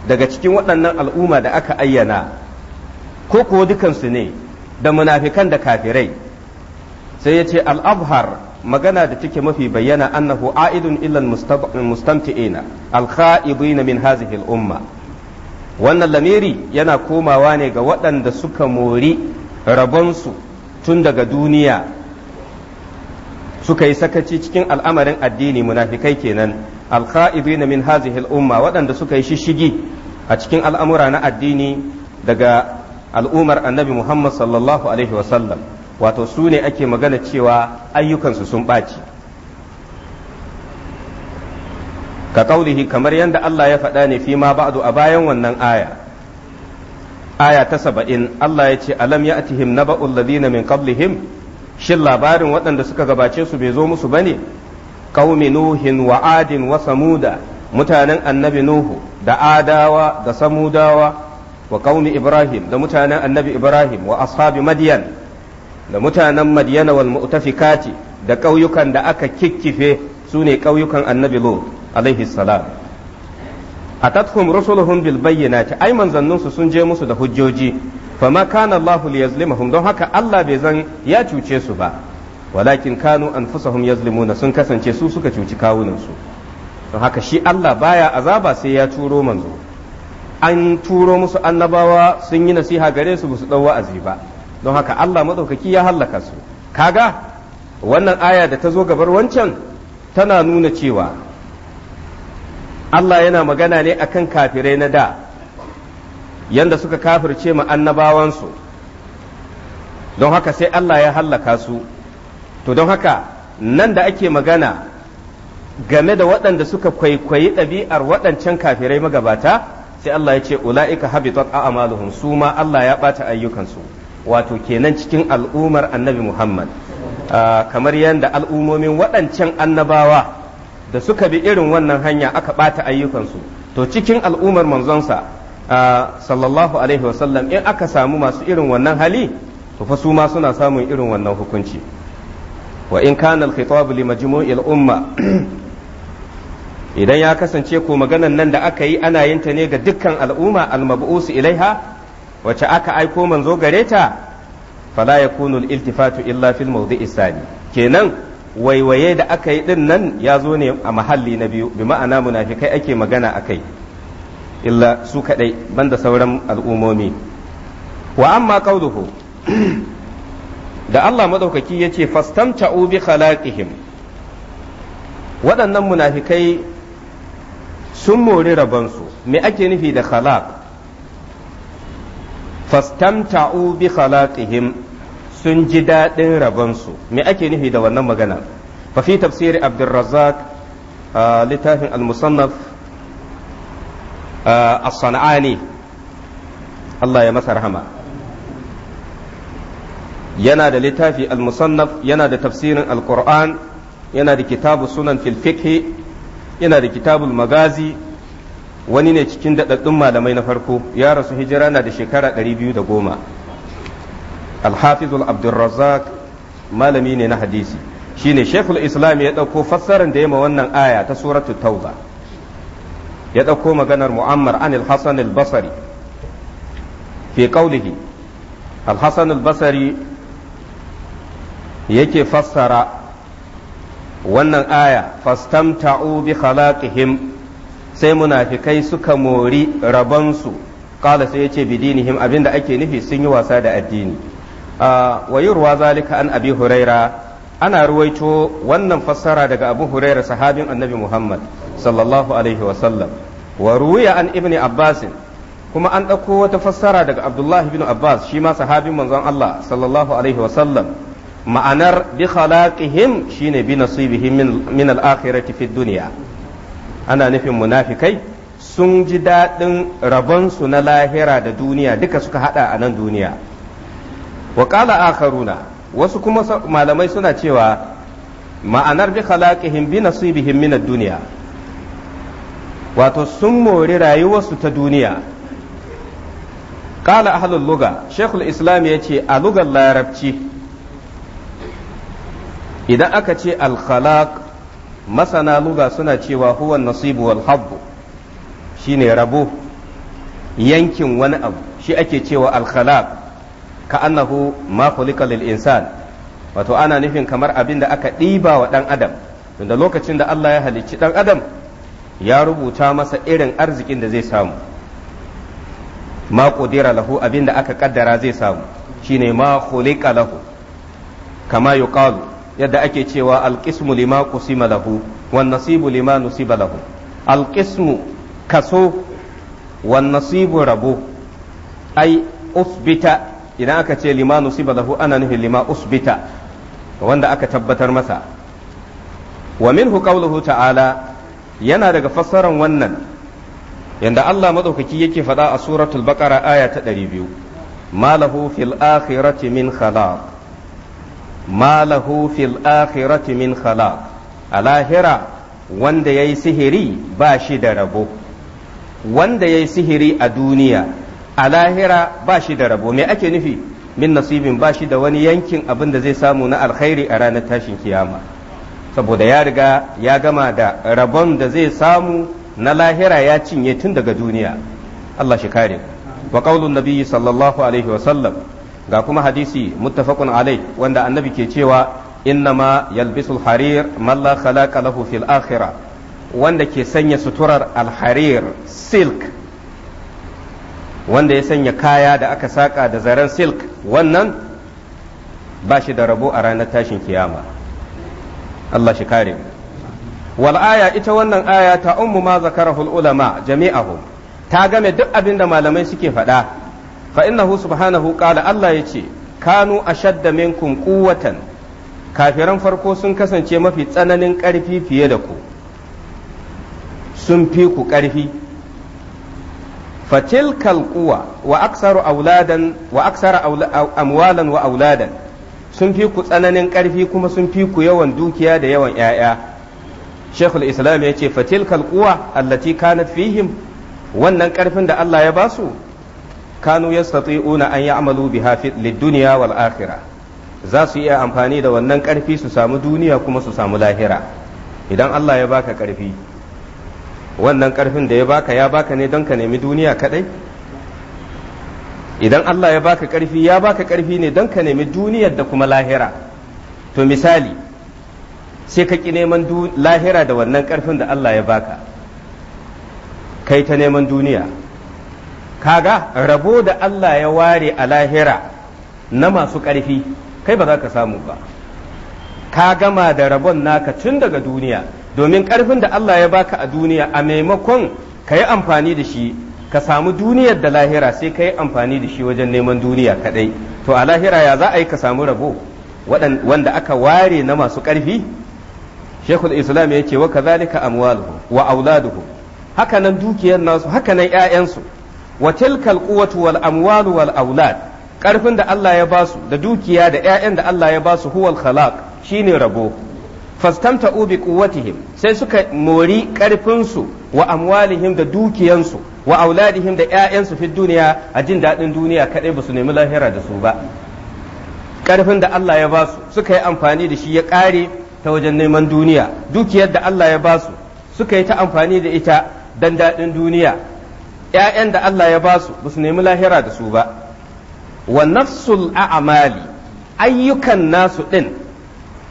daga cikin waɗannan al'umma da aka ayyana ko kuwa dukansu ne da munafikan da kafirai sai yace ce al'abhar magana da take mafi bayyana annahu a'idun illal mustamti'ina al khaibina min hazihi al-umma wannan lamiri yana komawa ne ga waɗanda suka mori rabonsu tun daga duniya suka yi sakaci cikin al'amarin addini munafikai kenan na min hazihil umma waɗanda suka yi shishigi a cikin al'amura na addini daga al'ummar annabi muhammad sallallahu alaihi wasallam wato su ne ake magana cewa ayyukansu sun ɓaci ka kaulihi kamar yadda Allah ya faɗa ne fi ma ba'du a bayan wannan aya aya ta saba'in Allah ya ce alam ya'tihim naba'ul ladina min qablihim shin labarin waɗanda suka gabace su bai zo musu bane qaumi nuhin wa adin wa samuda mutanen annabi nuhu da adawa da samudawa wa qaumi ibrahim da mutanen annabi ibrahim wa ashabi madyan da mutanen madyana wal mu'tafikati da ƙauyukan da aka kikkife su ne ƙauyukan annabi lut alaihi salam atatkum rusuluhum bil bayyinati ai manzannin su sun je musu da hujjoji fama kana Allahu liyazlimahum don haka Allah bai zan ya cuce su ba walakin kanu anfusahum yazlimuna sun kasance su suka cuci kawunan su don haka shi Allah baya azaba sai ya turo manzo an turo musu annabawa sun yi nasiha gare su su dau wa'azi ba don haka Allah madaukaki ya hallaka su kaga wannan aya da ta zo gabar wancan tana nuna cewa Allah yana magana ne akan kafirai na da yanda suka kafirce ma annabawansu don haka sai Allah ya hallaka su to don haka nan da ake magana game da waɗanda suka kwaikwayi ɗabi'ar waɗancan kafirai magabata sai Allah ya ce ula'ika habitat a'maluhum su ma Allah ya ɓata ayyukansu wato kenan cikin al'ummar annabi Muhammad ah, kamar yadda al'ummomin waɗancan annabawa da suka bi irin wannan hanya aka ɓata ayyukansu to cikin al'ummar manzonsa sallallahu alaihi wasallam in aka samu masu irin wannan hali to fa su ma suna samun irin wannan hukunci wa in kana al-khitab li majmu'il umma idan ya kasance ko maganan nan da aka yi ana yin ta ne ga dukkan al'umma al-mab'us ilaiha wace aka aiko manzo gare fala yakunu al-iltifatu illa fil mawdi'is sani kenan waiwaye da aka yi din nan ya zo ne a mahalli na biyu bi ma'ana munafikai ake magana a kai illa su ban banda sauran al'ummomi. wa amma qauluhu da Allah madaukaki yace fastamta'u bi khalaqihim waɗannan munafikai sun mori rabansu me ake nufi da khalaq fastamta'u bi khalaqihim sun ji daɗin rabonsu me ake nufi da wannan magana fa fi tafsiri abdurrazzaq littafin al-musannaf as-sana'ani Allah ya masa rahama yana da littafi al-musannaf yana da tafsirin al-qur'an yana da kitabu sunan fil fiqh yana da kitabul magazi wani ne cikin daɗaɗɗun malamai na farko ya rasu hijira na da shekara 210 alhafizul abdulrazak malami ne na hadisi shine shekul islam ya ɗauko fassarar da ya ma wannan aya ta suratul tauba ya dauko maganar mu'ammar anil al-hasan al-basri fi qawlihi al-hasan al-basri yake fassara wannan aya fastamta'u bi khalaqihim sai munafikai suka mori rabansu kala sai yace bidinihim abinda ake nufi sun yi wasa da addini wa yurwa zalika an abi huraira ana ruwaito wannan fassara daga abu huraira sahabin annabi muhammad sallallahu alaihi wasallam wa ruwiya an ibni abbasin kuma an ɗauko wata fassara daga abdullahi bin abbas shima sahabin manzon allah sallallahu alaihi wasallam ma'anar bi khalaqihim shine bi nasibihim min al-akhirati fid ana nufin munafikai sun ji daɗin rabonsu na lahira da duniya duka suka haɗa a nan duniya wa qala akharuna wasu kuma malamai suna cewa ma'anar bi khalaqihim bi nasibihim min ad wato sun mori rayuwarsu ta duniya qala ahlul luga shaykhul islam ce a lugar larabci idan aka ce al-khalaq masana luga suna cewa huwa nasibu wal habbu shine rabo yankin wani abu shi ake cewa al-khalaq ka annahu ma khuliqa insan wato ana nufin kamar abin da aka ɗiba wa ɗan adam tunda lokacin da Allah ya halicci ɗan adam ya rubuta masa irin arzikin da zai samu ma qudira lahu abin da aka ƙaddara zai samu shine ma khuliqa lahu kama yuqalu yadda ake cewa alqismu lima qusima lahu wan nasibu lima nusiba lahu alqismu kaso wan nasibu rabo ai usbita idan aka ce lima nusiba lahu ana nufin lima usbita wanda aka tabbatar masa wa minhu qawluhu ta'ala yana daga fassaran wannan yanda Allah madaukaki yake faɗa a suratul baqara aya ta 200 malahu fil akhirati min khalaq malahu fil akhirati min khalaq a lahira wanda yayi sihiri ba shi da rabo wanda yayi sihiri a duniya a lahira ba shi da rabo me ake nufi min nasibin ba shi da wani yankin abin da zai samu na alkhairi a ranar tashin kiyama saboda ya riga ya gama da rabon da zai samu na lahira ya cinye tun daga duniya Allah shi kare wa qaulun nabiyyi sallallahu alaihi wa ga kuma hadisi muttafaqun alai wanda annabi ke cewa innama yalbisul harir man la khalaqa lahu fil akhira wanda ke sanya suturar alharir silk wanda ya sanya kaya da aka saƙa da zaren silk wannan ba shi da rabo a ranar tashin kiyama Allah shi kare wal aya ita wannan aya ta ummu ma zakarahul ulama jami'ahum ta game duk abin da malamai suke faɗa fa innahu subhanahu qala Allah yace kanu ashadda minkum quwwatan kafiran farko sun kasance mafi tsananin ƙarfi fiye da ku sun fi ku ƙarfi فتلك القوة وأكثر أولادا وأكثر أولا أموالا وأولادا sun fi ku tsananin ƙarfi kuma sun fi ku yawan dukiya da yawan ‘ya'ya shekul islam ya ce fatilkal kuwa allati kanat fihim wannan ƙarfin da Allah ya ba su kanu ya una an yi amalu biha duniya wal akhirah za su iya amfani da wannan ƙarfi su samu duniya kuma su samu lahira idan Allah ya baka ƙarfi wannan ƙarfin da ya baka ya baka ne don ka nemi duniya kadai idan Allah ya baka ƙarfi ya baka ƙarfi ne don ka nemi duniyar da kuma lahira to misali sai ka ki neman lahira da wannan ƙarfin da Allah ya baka kai ta neman duniya kaga rabo da Allah ya ware a lahira na masu ƙarfi, kai ba za ka samu ba ka gama da rabon naka tun daga duniya domin ƙarfin da Allah ya baka a duniya a maimakon ka yi amfani da shi ka samu duniyar da lahira sai ka yi amfani da shi wajen neman duniya kaɗai to a lahira ya za a yi ka samu rabo wanda aka ware na masu ƙarfi shekul islam ya ce wa kazalika amwaluhu wa auladuhu haka nan dukiyar nasu haka nan ƴaƴansu wa tilkal quwwatu wal amwalu wal aulad ƙarfin da Allah ya basu da dukiya da ƴaƴan da Allah ya basu huwal khalaq shine rabo fastamta ubi quwwatihim sai suka mori karfinsu wa amwalihim da dukiyansu wa auladihim da ƴaƴansu fi duniya a jin daɗin duniya kaɗai ba su nemi lahira da su ba karfin da Allah ya basu suka yi amfani da shi ya ƙare ta wajen neman duniya dukiyar da Allah ya basu suka yi ta amfani da ita dan daɗin duniya ƴaƴan da Allah ya basu ba su nemi lahira da su ba wa nafsul a'mali ayyukan nasu ɗin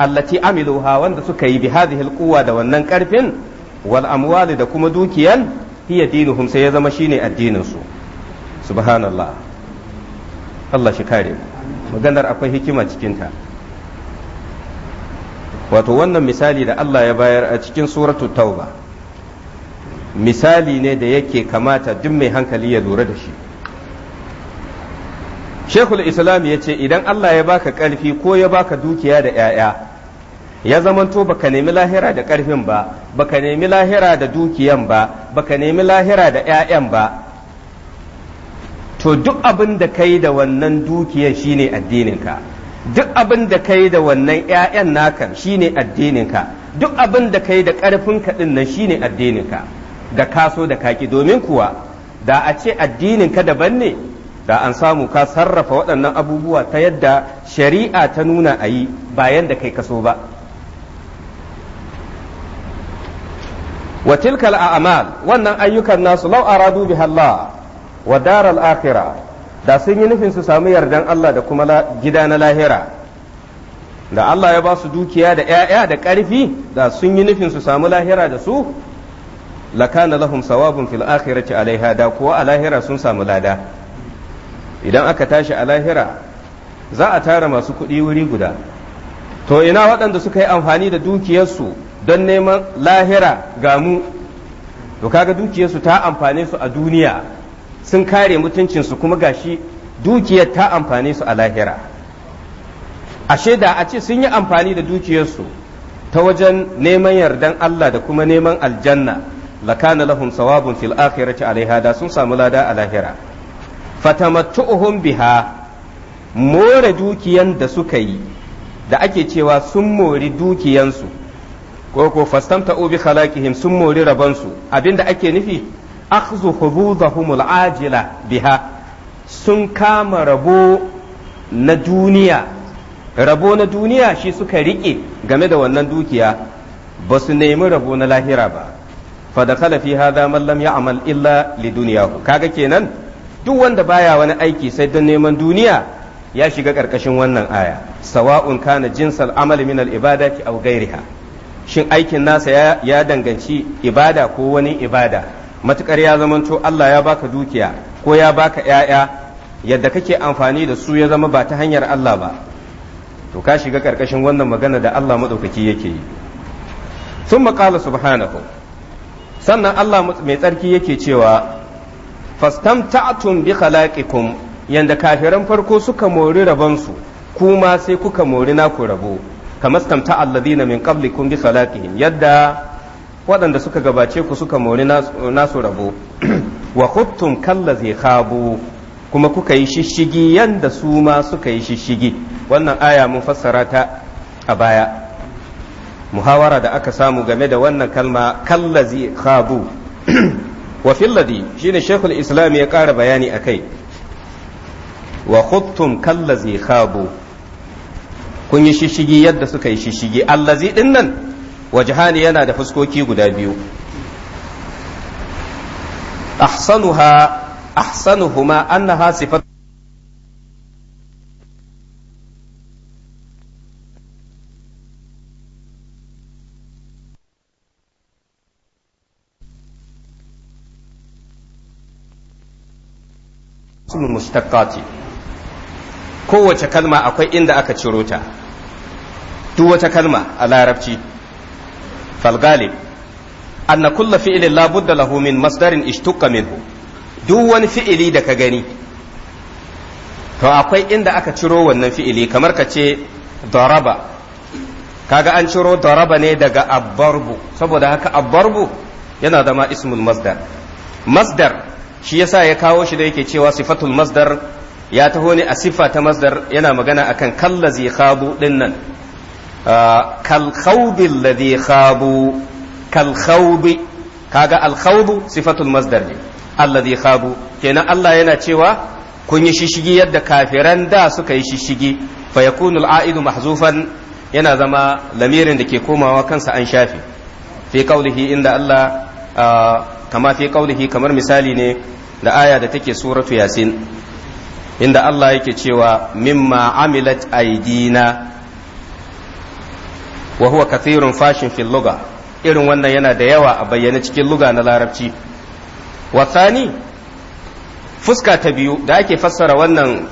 allati amiluha wanda suka yi bi hadhihi alquwa da wannan karfin wal amwali da kuma dukiyan hiya dinuhum sai ya zama shine addinin su subhanallah Allah shi kare maganar akwai hikima cikin ta wato wannan misali da Allah ya bayar a cikin suratul tauba misali ne da yake kamata duk mai hankali ya lura da shi shekul islam ya ce idan Allah ya baka ƙarfi ko ya baka dukiya da 'ya'ya ya zamanto baka nemi lahira da ƙarfin ba baka nemi lahira da dukiyan ba baka nemi lahira da 'ya'yan ba to duk abin da kai da wannan dukiyan shine addininka duk abin da kai da wannan 'ya'yan naka shine addininka duk abin da kai da ƙarfin ka nan shine addininka da kaso da kaki domin kuwa da a ce addininka daban ne da an samu ka sarrafa waɗannan abubuwa ta yadda shari'a ta nuna a yi bayan da kai kaso ba wa tilkal a'mal wannan ayyukan nasu law aradu biha Allah wa daral akhirah da sun yi nufin su samu yardan Allah da kuma gida na lahira da Allah ya ba su dukiya da ‘ya'ya da karfi da sun yi nufin su samu lahira da su lakana lahum sawabun fil akhirati alaiha da kuwa a lahira sun samu lada idan aka tashi a lahira za a tara masu kuɗi wuri guda to ina waɗanda suka yi amfani da dukiyarsu don neman lahira ga mu to kaga dukiyarsu ta amfane su a duniya sun kare mutuncinsu kuma gashi dukiyar ta amfane su a lahira ashe da a ce sun yi amfani da dukiyarsu ta wajen neman yardan Allah da kuma neman aljanna lakana lahum sawabun fil akhirati alaiha da sun samu lada a lahira ohun biha more dukiyan da suka yi da ake cewa sun mori dukiyansu ko ko fastamta'u bi khalaqihim sun mori rabansu abinda ake nufi akhzu hubudahumul ajila biha sun kama rabo na duniya rabo na duniya shi suka rike game da wannan dukiya ba su nemi rabo na lahira ba fa fadakala fi hada man lam ya'mal illa liduniyahu kaga kenan duk wanda baya wani aiki sai don neman duniya ya shiga karkashin wannan aya sawa'un kana jinsal amali min al ibadati aw ghairiha shin aikin nasa ya danganci ibada ko wani ibada matukar ya zamanto Allah ya baka dukiya ko ya baka 'ya'ya yadda kake amfani da su ya zama ba ta hanyar Allah ba to ka shiga karkashin wannan magana da Allah maɗaukaki yake yi sun maƙala subhanahu sannan Allah mai tsarki yake cewa ta'atun bi khalaqikum yanda kafiran farko suka mori rabonsu kuma sai kuka mori naku rabo kamastamta alladina min qablikum bi salatihim yadda waɗanda suka gabace ku suka mori nasu rabo wa khuttum kallazi khabu kuma kuka yi shishigi yanda su ma suka yi shishigi wannan aya mun fassara ta a baya muhawara da aka samu game da wannan kalma kallazi khabu wa filladi shine shekul islam ya ƙara bayani a kai wa khuttum kallazi khabu kun yi shishigi yadda suka yi shishigi allazi din nan wajhani yana da fuskoki guda biyu ahsanuha ahsanuhuma annaha sifatu mushtaqati kowace kalma akwai inda aka ciro ta duk wata kalma a larabci falgalib anna kulla fi'ilin labudda lahu min masdarin ishtuqqa minhu duk wani fi'ili da ka gani to akwai inda aka ciro wannan fi'ili kamar ka ce daraba kaga an ciro daraba ne daga abbarbu saboda haka abbarbu yana zama ismul masdar masdar shi yasa ya kawo shi da yake cewa sifatul masdar ya taho ne a siffa ta masdar yana magana akan kallazi zikabu din nan kalkhawbi alladhi khabu khawbi kaga alkhawbu sifatul masdar ne alladhi khabu kenan Allah yana cewa kun yi shishigi yadda kafiran da suka yi shishigi fa yakunu al-a'idu mahzufan yana zama lamirin da ke komawa kansa an shafi fi qawlihi inda Allah kama fi qawlihi kamar misali ne da aya da take suratu yasin inda Allah yake cewa mimma amilat aidina wa huwa fashin fil irin wannan yana da yawa a bayyana cikin luga na larabci wasani. fuska ta biyu da ake fassara wannan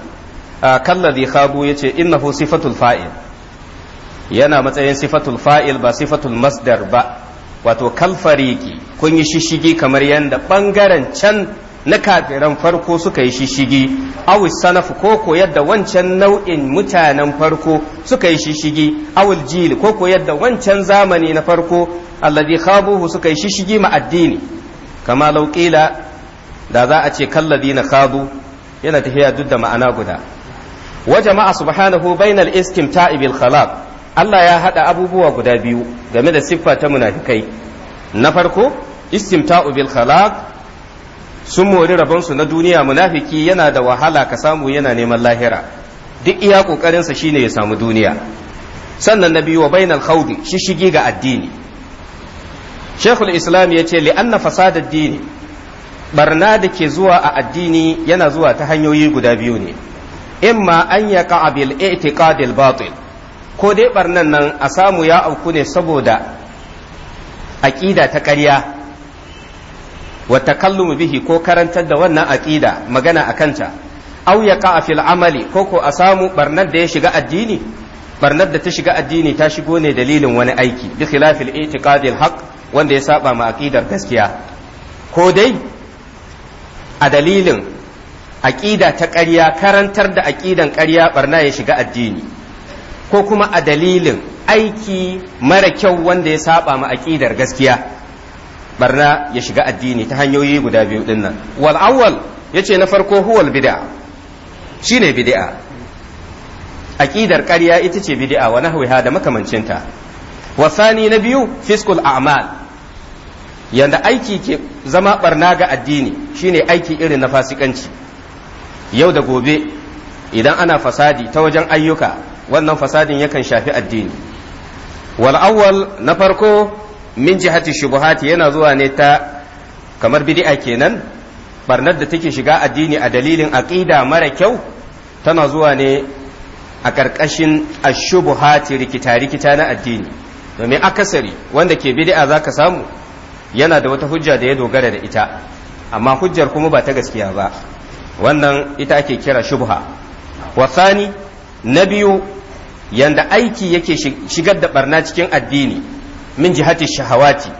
kalladhi khabu yace innahu sifatul fa'il yana matsayin sifatul fa'il ba sifatul masdar ba wato kalfariki kun yi shishigi kamar yadda ɓangaren can na kafiran farko suka yi shishigi awul sanafu ko ko yadda wancan nau'in mutanen farko suka yi shishigi awul ko ko yadda wancan zamani na farko alladhi khabuhu suka yi shishigi ma addini kama Lauƙila da za a ce na kabu yana tafiya duk da ma'ana guda wa jama'a subhanahu bainal istimta'i bil khalaq Allah ya hada abubuwa guda biyu game da siffa ta munafikai na farko istimta'u bil khalaq sun mori rabonsu na duniya munafiki yana da wahala ka samu yana neman lahira duk iya kokarinsa shine ya samu duniya sannan na biyu wa bainal khawdi shigi ga addini shekul islam ya ce li'anna fasadar dini barna da ke zuwa a addini yana zuwa ta hanyoyi guda biyu ne imma an ya bil i'tiqadil batil ko dai barnan nan a samu ya auku ne saboda aƙida ta ƙarya wa takallumu bihi ko karantar da wannan aqida magana a kanta aw a fil amali ko ko a samu barnar da ya shiga addini barnar da ta shiga addini ta shigo ne dalilin wani aiki bi khilafil i'tiqadil haqq wanda ya saba ma aqidar gaskiya ko dai a dalilin aqida ta ƙarya karantar da aqidan ƙarya barna ya shiga addini ko kuma a dalilin aiki mara kyau wanda ya saba ma aqidar gaskiya barna ya shiga addini ta hanyoyi guda biyu din nan wal awwal yace na farko huwal bid'a shine bid'a aqidar ƙarya ita ce bid'a wa nahwiha da makamancinta wa sani na biyu fiskul a'mal yanda aiki ke zama barna ga addini shine aiki irin na fasikanci yau da gobe idan ana fasadi ta wajen ayyuka wannan fasadin yakan shafi addini wal awwal na farko min jihati shubuhati yana zuwa ne ta kamar bid'a kenan barnar da take shiga addini a dalilin aqida mara kyau tana zuwa ne a ƙarƙashin ashubuhati rikita-rikita na addini domin akasari wanda ke bid'a zaka samu yana da wata hujja da ya dogara da ita amma hujjar kuma ba ta gaskiya ba wannan ita ake kira shubha wasani na biyu yanda aiki yake shigar da barna cikin addini min jihati shahawati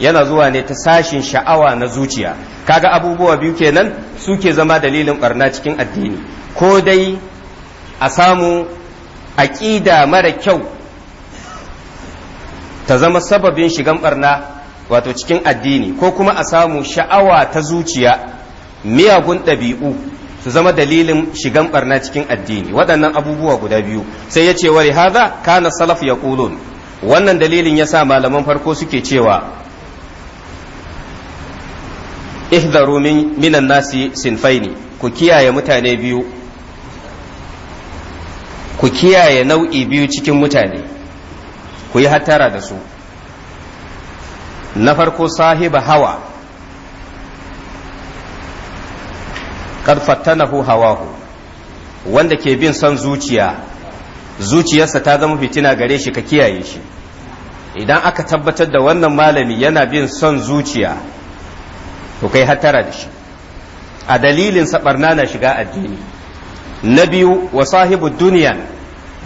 yana zuwa ne ta sashin sha'awa na zuciya kaga abubuwa biyu kenan suke zama dalilin barna cikin addini ko dai a samu aƙida mara kyau ta zama sababin shigan barna wato cikin addini ko kuma a samu sha'awa ta zuciya miyagun ɗabi'u su zama dalilin shigan barna cikin addini waɗannan abubuwa guda biyu sai ya ce wari kana salaf ya wannan dalilin ya sa malaman farko suke cewa ihdaru minan nasi sinfaini ku kiyaye mutane biyu ku kiyaye nau'i biyu cikin mutane ku yi hattara da su na farko sahiba hawa qad fattanahu hawahu wanda ke bin son zuciya zuciyarsa ta zama fitina gare shi ka kiyaye shi idan aka tabbatar da wannan malami yana bin son zuciya to kai hatara da shi a dalilin saɓarna na shiga addini na biyu wa sahibu duniya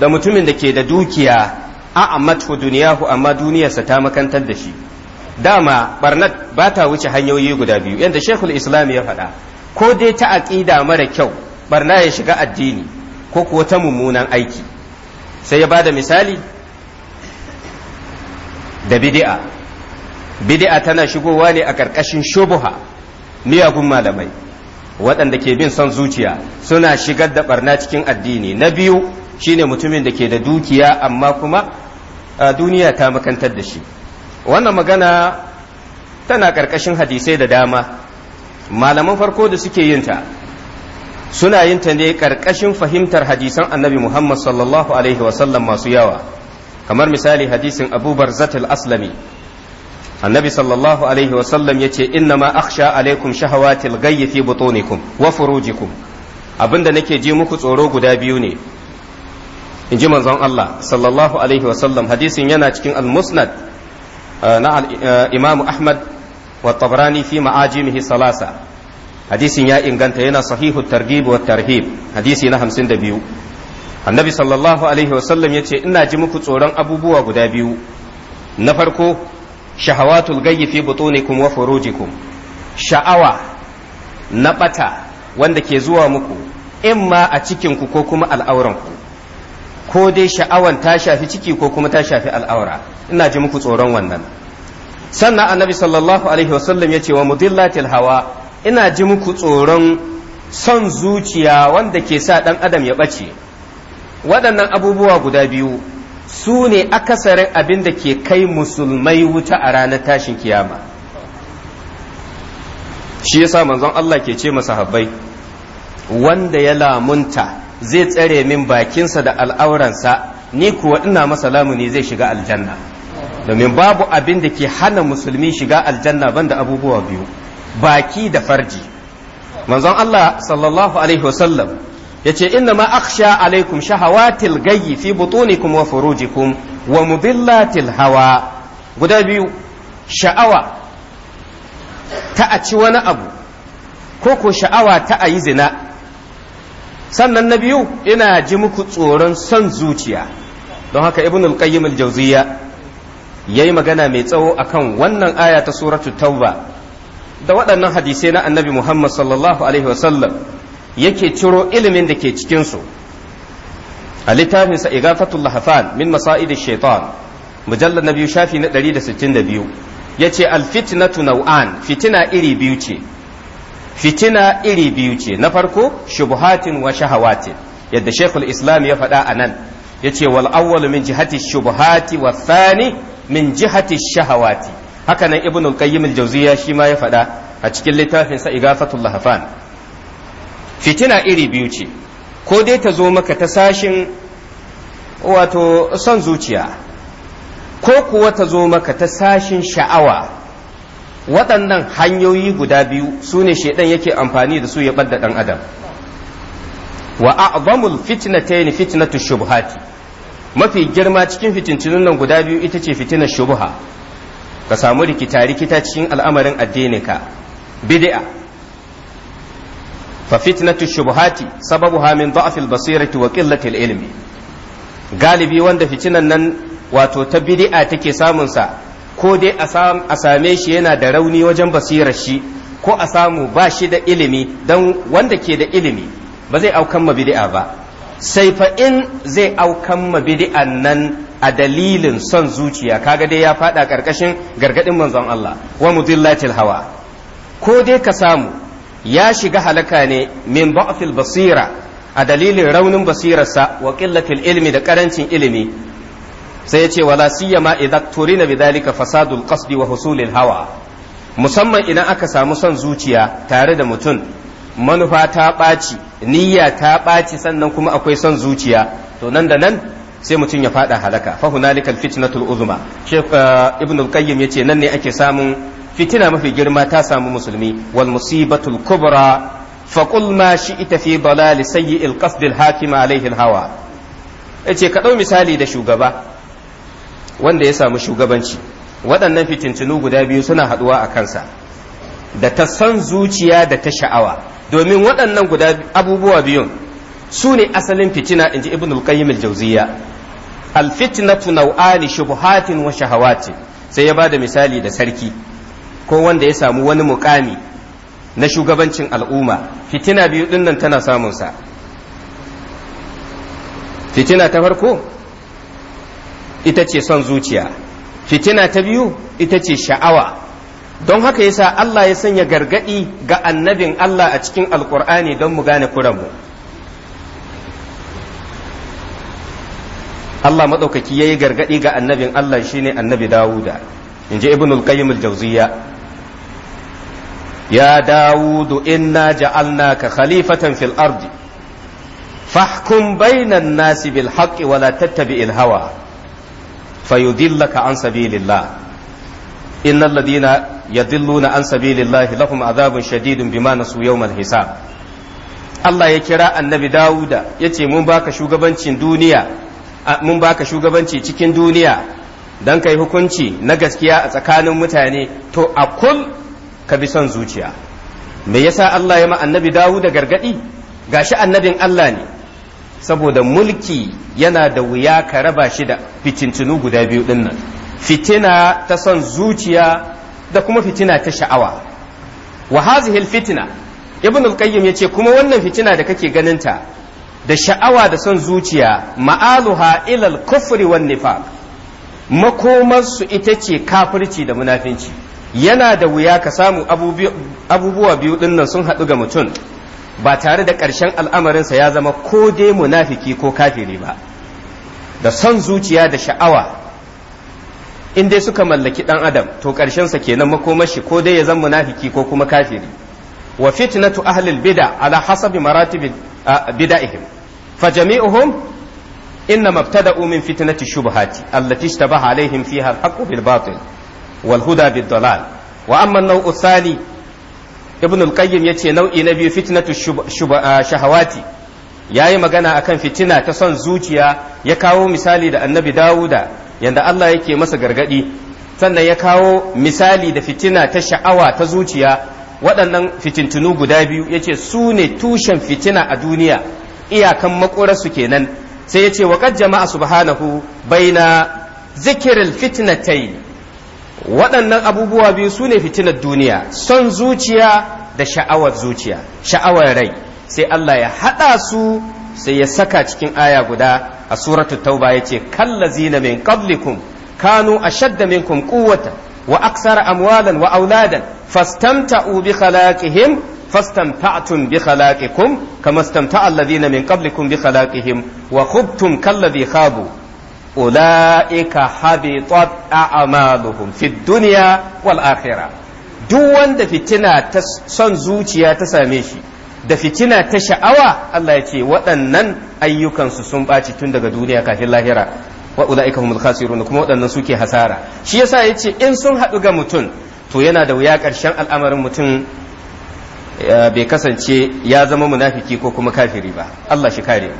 da mutumin da ke da dukiya a amatu duniyahu amma duniyarsa ta makantar da shi dama barnat ba ta wuce hanyoyi guda biyu yadda shekul islam ya faɗa ko dai ta aƙida mara kyau barna ya shiga addini ko kuwa ta mummunan aiki sai ya ba da misali da bid'a bid'a tana shigowa ne a ƙarƙashin shubuha miyagun malamai waɗanda ke bin son zuciya suna shigar da barna cikin addini na biyu shine mutumin da ke da dukiya amma kuma duniya ta makantar da shi wannan magana tana ƙarƙashin hadisai da dama malaman farko da suke yin ta suna yinta ne ƙarƙashin fahimtar hadisan annabi muhammad sallallahu alaihi wasallam masu yawa kamar misali hadisin Abu Zatul aslami annabi sallallahu alaihi wa sallam yace inna ma akhsha alaikum shahawatil ghayyi fi butunikum wa furujikum abinda nake ji muku tsoro guda biyu ne in ji manzon Allah sallallahu alaihi wa sallam hadisin yana cikin al-musnad uh, na uh, imam Ahmad wa Tabrani fi ma'ajimihi salasa hadisin ya inganta yana sahihu targhib wa tarhib hadisi na 52 annabi sallallahu alaihi wasallam ya ce ina ji muku tsoron abubuwa guda biyu na farko shahawatul gayyi fi butunikum wa furujikum sha'awa na bata wanda ke zuwa muku imma a cikinku ko kuma al'auranku ko dai sha'awan ta shafi ciki ko kuma ta shafi al'aura ina ji muku tsoron wannan sannan annabi sallallahu alaihi wasallam ya ce wa mudillatil hawa ina ji muku tsoron son zuciya wanda ke sa dan adam ya bace waɗannan abubuwa guda biyu su ne akasarin abin da ke kai musulmai wuta a ranar tashin kiyama shi yasa manzon Allah ke ce sahabbai wanda ya lamunta zai tsare min bakinsa da al'auransa ni kuwa ina masa lamuni zai shiga aljanna domin babu abin da ke hana musulmi shiga aljanna banda abubuwa biyu baki da farji manzon Allah sallallahu alaihi wasallam yace inna ma akhsha alaikum shahawatil gayyi fi butunikum wa furujikum wa mudillatil hawa guda biyu sha'awa ta a ci wani abu ko ko sha'awa ta a yi zina sannan na biyu ina ji muku tsoron son zuciya don haka ibn al-qayyim al yayi magana mai tsawo akan wannan aya ta suratu tauba da waɗannan hadisai na annabi muhammad sallallahu alaihi sallam. yake ciro ilimin da ke cikinsu a littafinsa igafatul lahafan min masa'id shaitan mujallar na biyu shafi na 162 ya ce alfitnatu nau'an fitina iri biyu ce fitina iri biyu ce na farko shubuhatin wa shahawatin yadda shekul islam ya faɗa a nan ya ce wal awwalu min jihati shubuhati wa thani min jihati shahawati haka nan ibn al-qayyim al shi ma ya faɗa a cikin littafinsa sa igafatul lahafan fitina iri biyu ce ko dai ta zo maka ta sashin wato son zuciya ko kuwa ta zo maka ta sashin sha'awa waɗannan hanyoyi guda biyu su ne shaidan yake amfani da su ya ɓadda ɗan adam wa a'zamul fitnatayn fitnatu shubhati mafi girma cikin fitintunun nan guda biyu ita ce fitinar shubha ka samu rikita rikita cikin al'amarin addininka bidi'a. fa fitnatu shubuhati sababuha min da'fil basirati wa qillatil ilmi galibi wanda fitinan nan wato ta bid'a take samun sa ko dai a same shi yana da rauni wajen basirar shi ko a samu ba shi da ilimi don wanda ke da ilimi ba zai aukan ma bid'a ba sai fa in zai aukan ma bid'an nan a dalilin son zuciya kaga dai ya fada karkashin gargadin manzon Allah wa mudillatil hawa ko dai ka samu ya shiga halaka ne min ba'fil basira a dalilin raunin basirarsa wa qillatil ilmi da karancin ilimi sai ya ce wala siyama idza turina bidhalika fasadul qasdi wa husulil hawa musamman idan aka samu son zuciya tare da mutum manufa ta ɓaci niyya ta ɓaci sannan kuma akwai son zuciya to nan da nan sai mutum ya faɗa halaka fa hunalikal fitnatul uzma shek eh, ibn qayyim yace nan ne ake samun fitina mafi girma ta samu musulmi wal musibatul kubra faqul ma shi'ta fi dalal sayyi'il qasd al hakim alayhi al hawa yace ka dau misali da shugaba wanda ya samu shugabanci waɗannan fitintunu guda biyu suna haɗuwa a kansa da ta san zuciya da ta sha'awa domin waɗannan guda abubuwa biyun su ne asalin fitina inji ibn al-qayyim al-jawziyya al-fitnatu naw'ani shubuhatin wa shahawati sai ya bada misali da sarki ko wanda ya samu wani mukami na shugabancin al'umma fitina biyu din nan tana sa. fitina ta farko ita ce son zuciya fitina ta biyu ita ce sha'awa don haka yasa Allah ya sanya gargadi ga annabin Allah a cikin alkur'ani don mu gane kuranmu Allah maɗaukaki ya yi gargadi ga annabin Allah shine annabi Dawuda. in ji ibn al-qayyim al-jawziya ya dawudu inna ja'alnaka khalifatan fil ardi fahkum bainan nasi bil haqqi wa la tattabi'il hawa fayudillaka an sabilillah innal ladina yadilluna an sabilillah lahum adhabun shadidun bima nasu yawmal hisab Allah ya kira annabi Dawuda ya ce mun baka shugabancin duniya mun baka shugabanci cikin duniya don yi hukunci na gaskiya a tsakanin mutane to a kul ka bi son zuciya me yasa Allah ya ma annabi dawu da gargadi shi annabin Allah ne saboda mulki yana da wuya ka raba shi da fitintunu guda biyu din nan fitina ta son zuciya da kuma fitina ta sha'awa wa hazihil fitina ibn al-qayyim yace kuma wannan fitina da kake ganinta da sha'awa da son zuciya ma'aluha ilal kufri wan nifaq makomarsu ita ce kafirci da munafinci yana da wuya ka samu abubuwa biyu dinnan sun haɗu ga mutum ba tare da ƙarshen al'amarinsa ya zama ko dai munafiki ko kafiri ba da son zuciya da sha'awa in dai suka mallaki ɗan adam to ƙarshensa kenan makomashi ko dai ya zama munafiki ko kuma kafiri wa fitnatu ahlil bid'a ala hasabi maratibi bid'ihim fa jami'uhum inna mabtada'u min umin fitinatu allati ishtabaha alaihim fiha al-haqqu bil batil wal huda bid dalal wa amma ibn al-qayyim yace nau'i na biyu fitnatu shahawati yayi magana akan fitina ta son zuciya ya kawo misali da annabi dawuda yanda Allah yake masa gargadi sannan ya kawo misali da fitina ta sha'awa ta zuciya waɗannan fitintunu guda biyu yace su ne tushen fitina a duniya iyakan makorarsu kenan sai yace wa jama'a subhanahu baina zikril fitnatayn waɗannan abubuwa biyu su ne fitinar duniya son zuciya da sha'awar zuciya sha'awar rai sai Allah ya haɗa su sai ya saka cikin aya guda a suratul tauba yace kallazina min qablikum kanu ashadda minkum quwwatan wa aksara amwalan wa auladan fastamta'u bi khalaqihim fastamta'tum bi khalaqikum kama stamta'a alladhina min qablikum bi khalaqihim wa khubtum kalladhi khabu ulaika habitat a'maluhum fid dunya wal akhirah duk wanda fitina ta son zuciya ta same shi da fitina ta sha'awa Allah ya ce waɗannan ayyukansu sun ɓaci tun daga duniya kafin lahira wa ulaika humul kuma waɗannan suke hasara shi yasa ce in sun haɗu ga mutum to yana da wuya ƙarshen al'amarin mutum bai kasance ya zama munafiki ko kuma kafiri ba Allah shi kare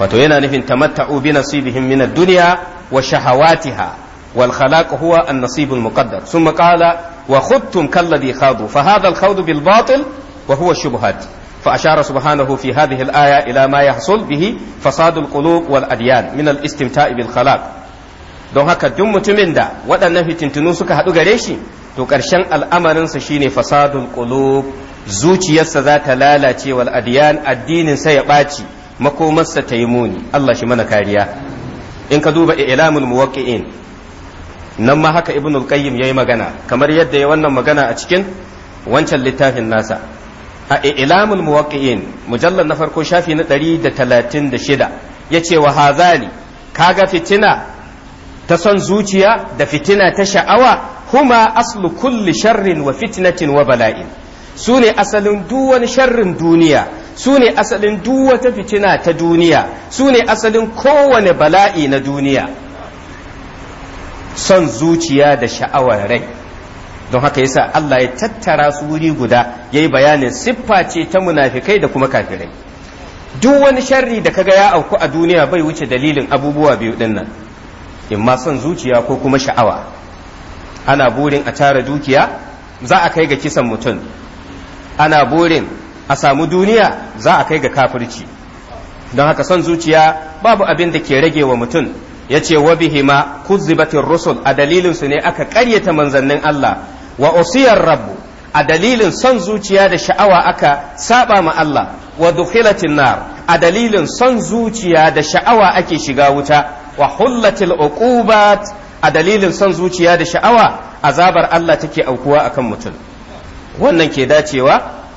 wato yana nufin tamatta'u bi nasibihim min ad-dunya wa shahawatiha wal khalaq huwa an-nasib al-muqaddar thumma qala wa khudtum kalladhi khadu fa hadha al-khawd bil batil wa huwa shubuhat fa ashara subhanahu fi hadhihi al-aya ila ma yahsul bihi fasadul al-qulub wal adyan min al-istimta' bil khalaq don haka duk mutumin da waɗannan fitintunu suka haɗu gare shi to ƙarshen al'amarinsa shine fasadul qulub zuciyarsa za ta lalace wal adiyan addinin sa ya ɓaci makomarsa ta yi muni Allah shi mana kariya in ka duba ilamul muwaqqi'in nan ma haka ibnul qayyim yayi magana kamar yadda ya wannan magana a cikin wancan littafin nasa a ilamul muwaqqi'in mujallal na farko shafi na 136 yace wa hazali kaga fitina ta son zuciya da fitina ta sha'awa huma aslu kulli sharrin wa fitnatin wa bala'in su ne asalin duwani sharrin duniya su ne asalin duwata fitina ta duniya su ne asalin kowane bala'i na duniya son zuciya da sha'awar rai don haka yasa Allah ya tattara su wuri guda ya yi bayanin siffa ce ta munafikai da kuma kafirai duk wani sharri da kaga ya auku a duniya bai wuce dalilin abubuwa biyu dinnan. imma son zuciya ko kuma sha'awa ana burin a tara dukiya za a kai ga kisan mutum ana burin a samu duniya za a kai ga kafirci don haka son zuciya babu abin da ke rage wa mutum ya ce wa bihima kuzzibatir rusul a dalilinsu ne aka karyata manzannin Allah wa usiyar rabbu a dalilin son zuciya da sha'awa aka saba ma Allah wa dukhilatin nar a dalilin son zuciya da sha'awa ake shiga wuta wa hullatil uqubat a dalilin son zuciya da sha'awa azabar Allah take aukuwa akan mutum wannan ke dacewa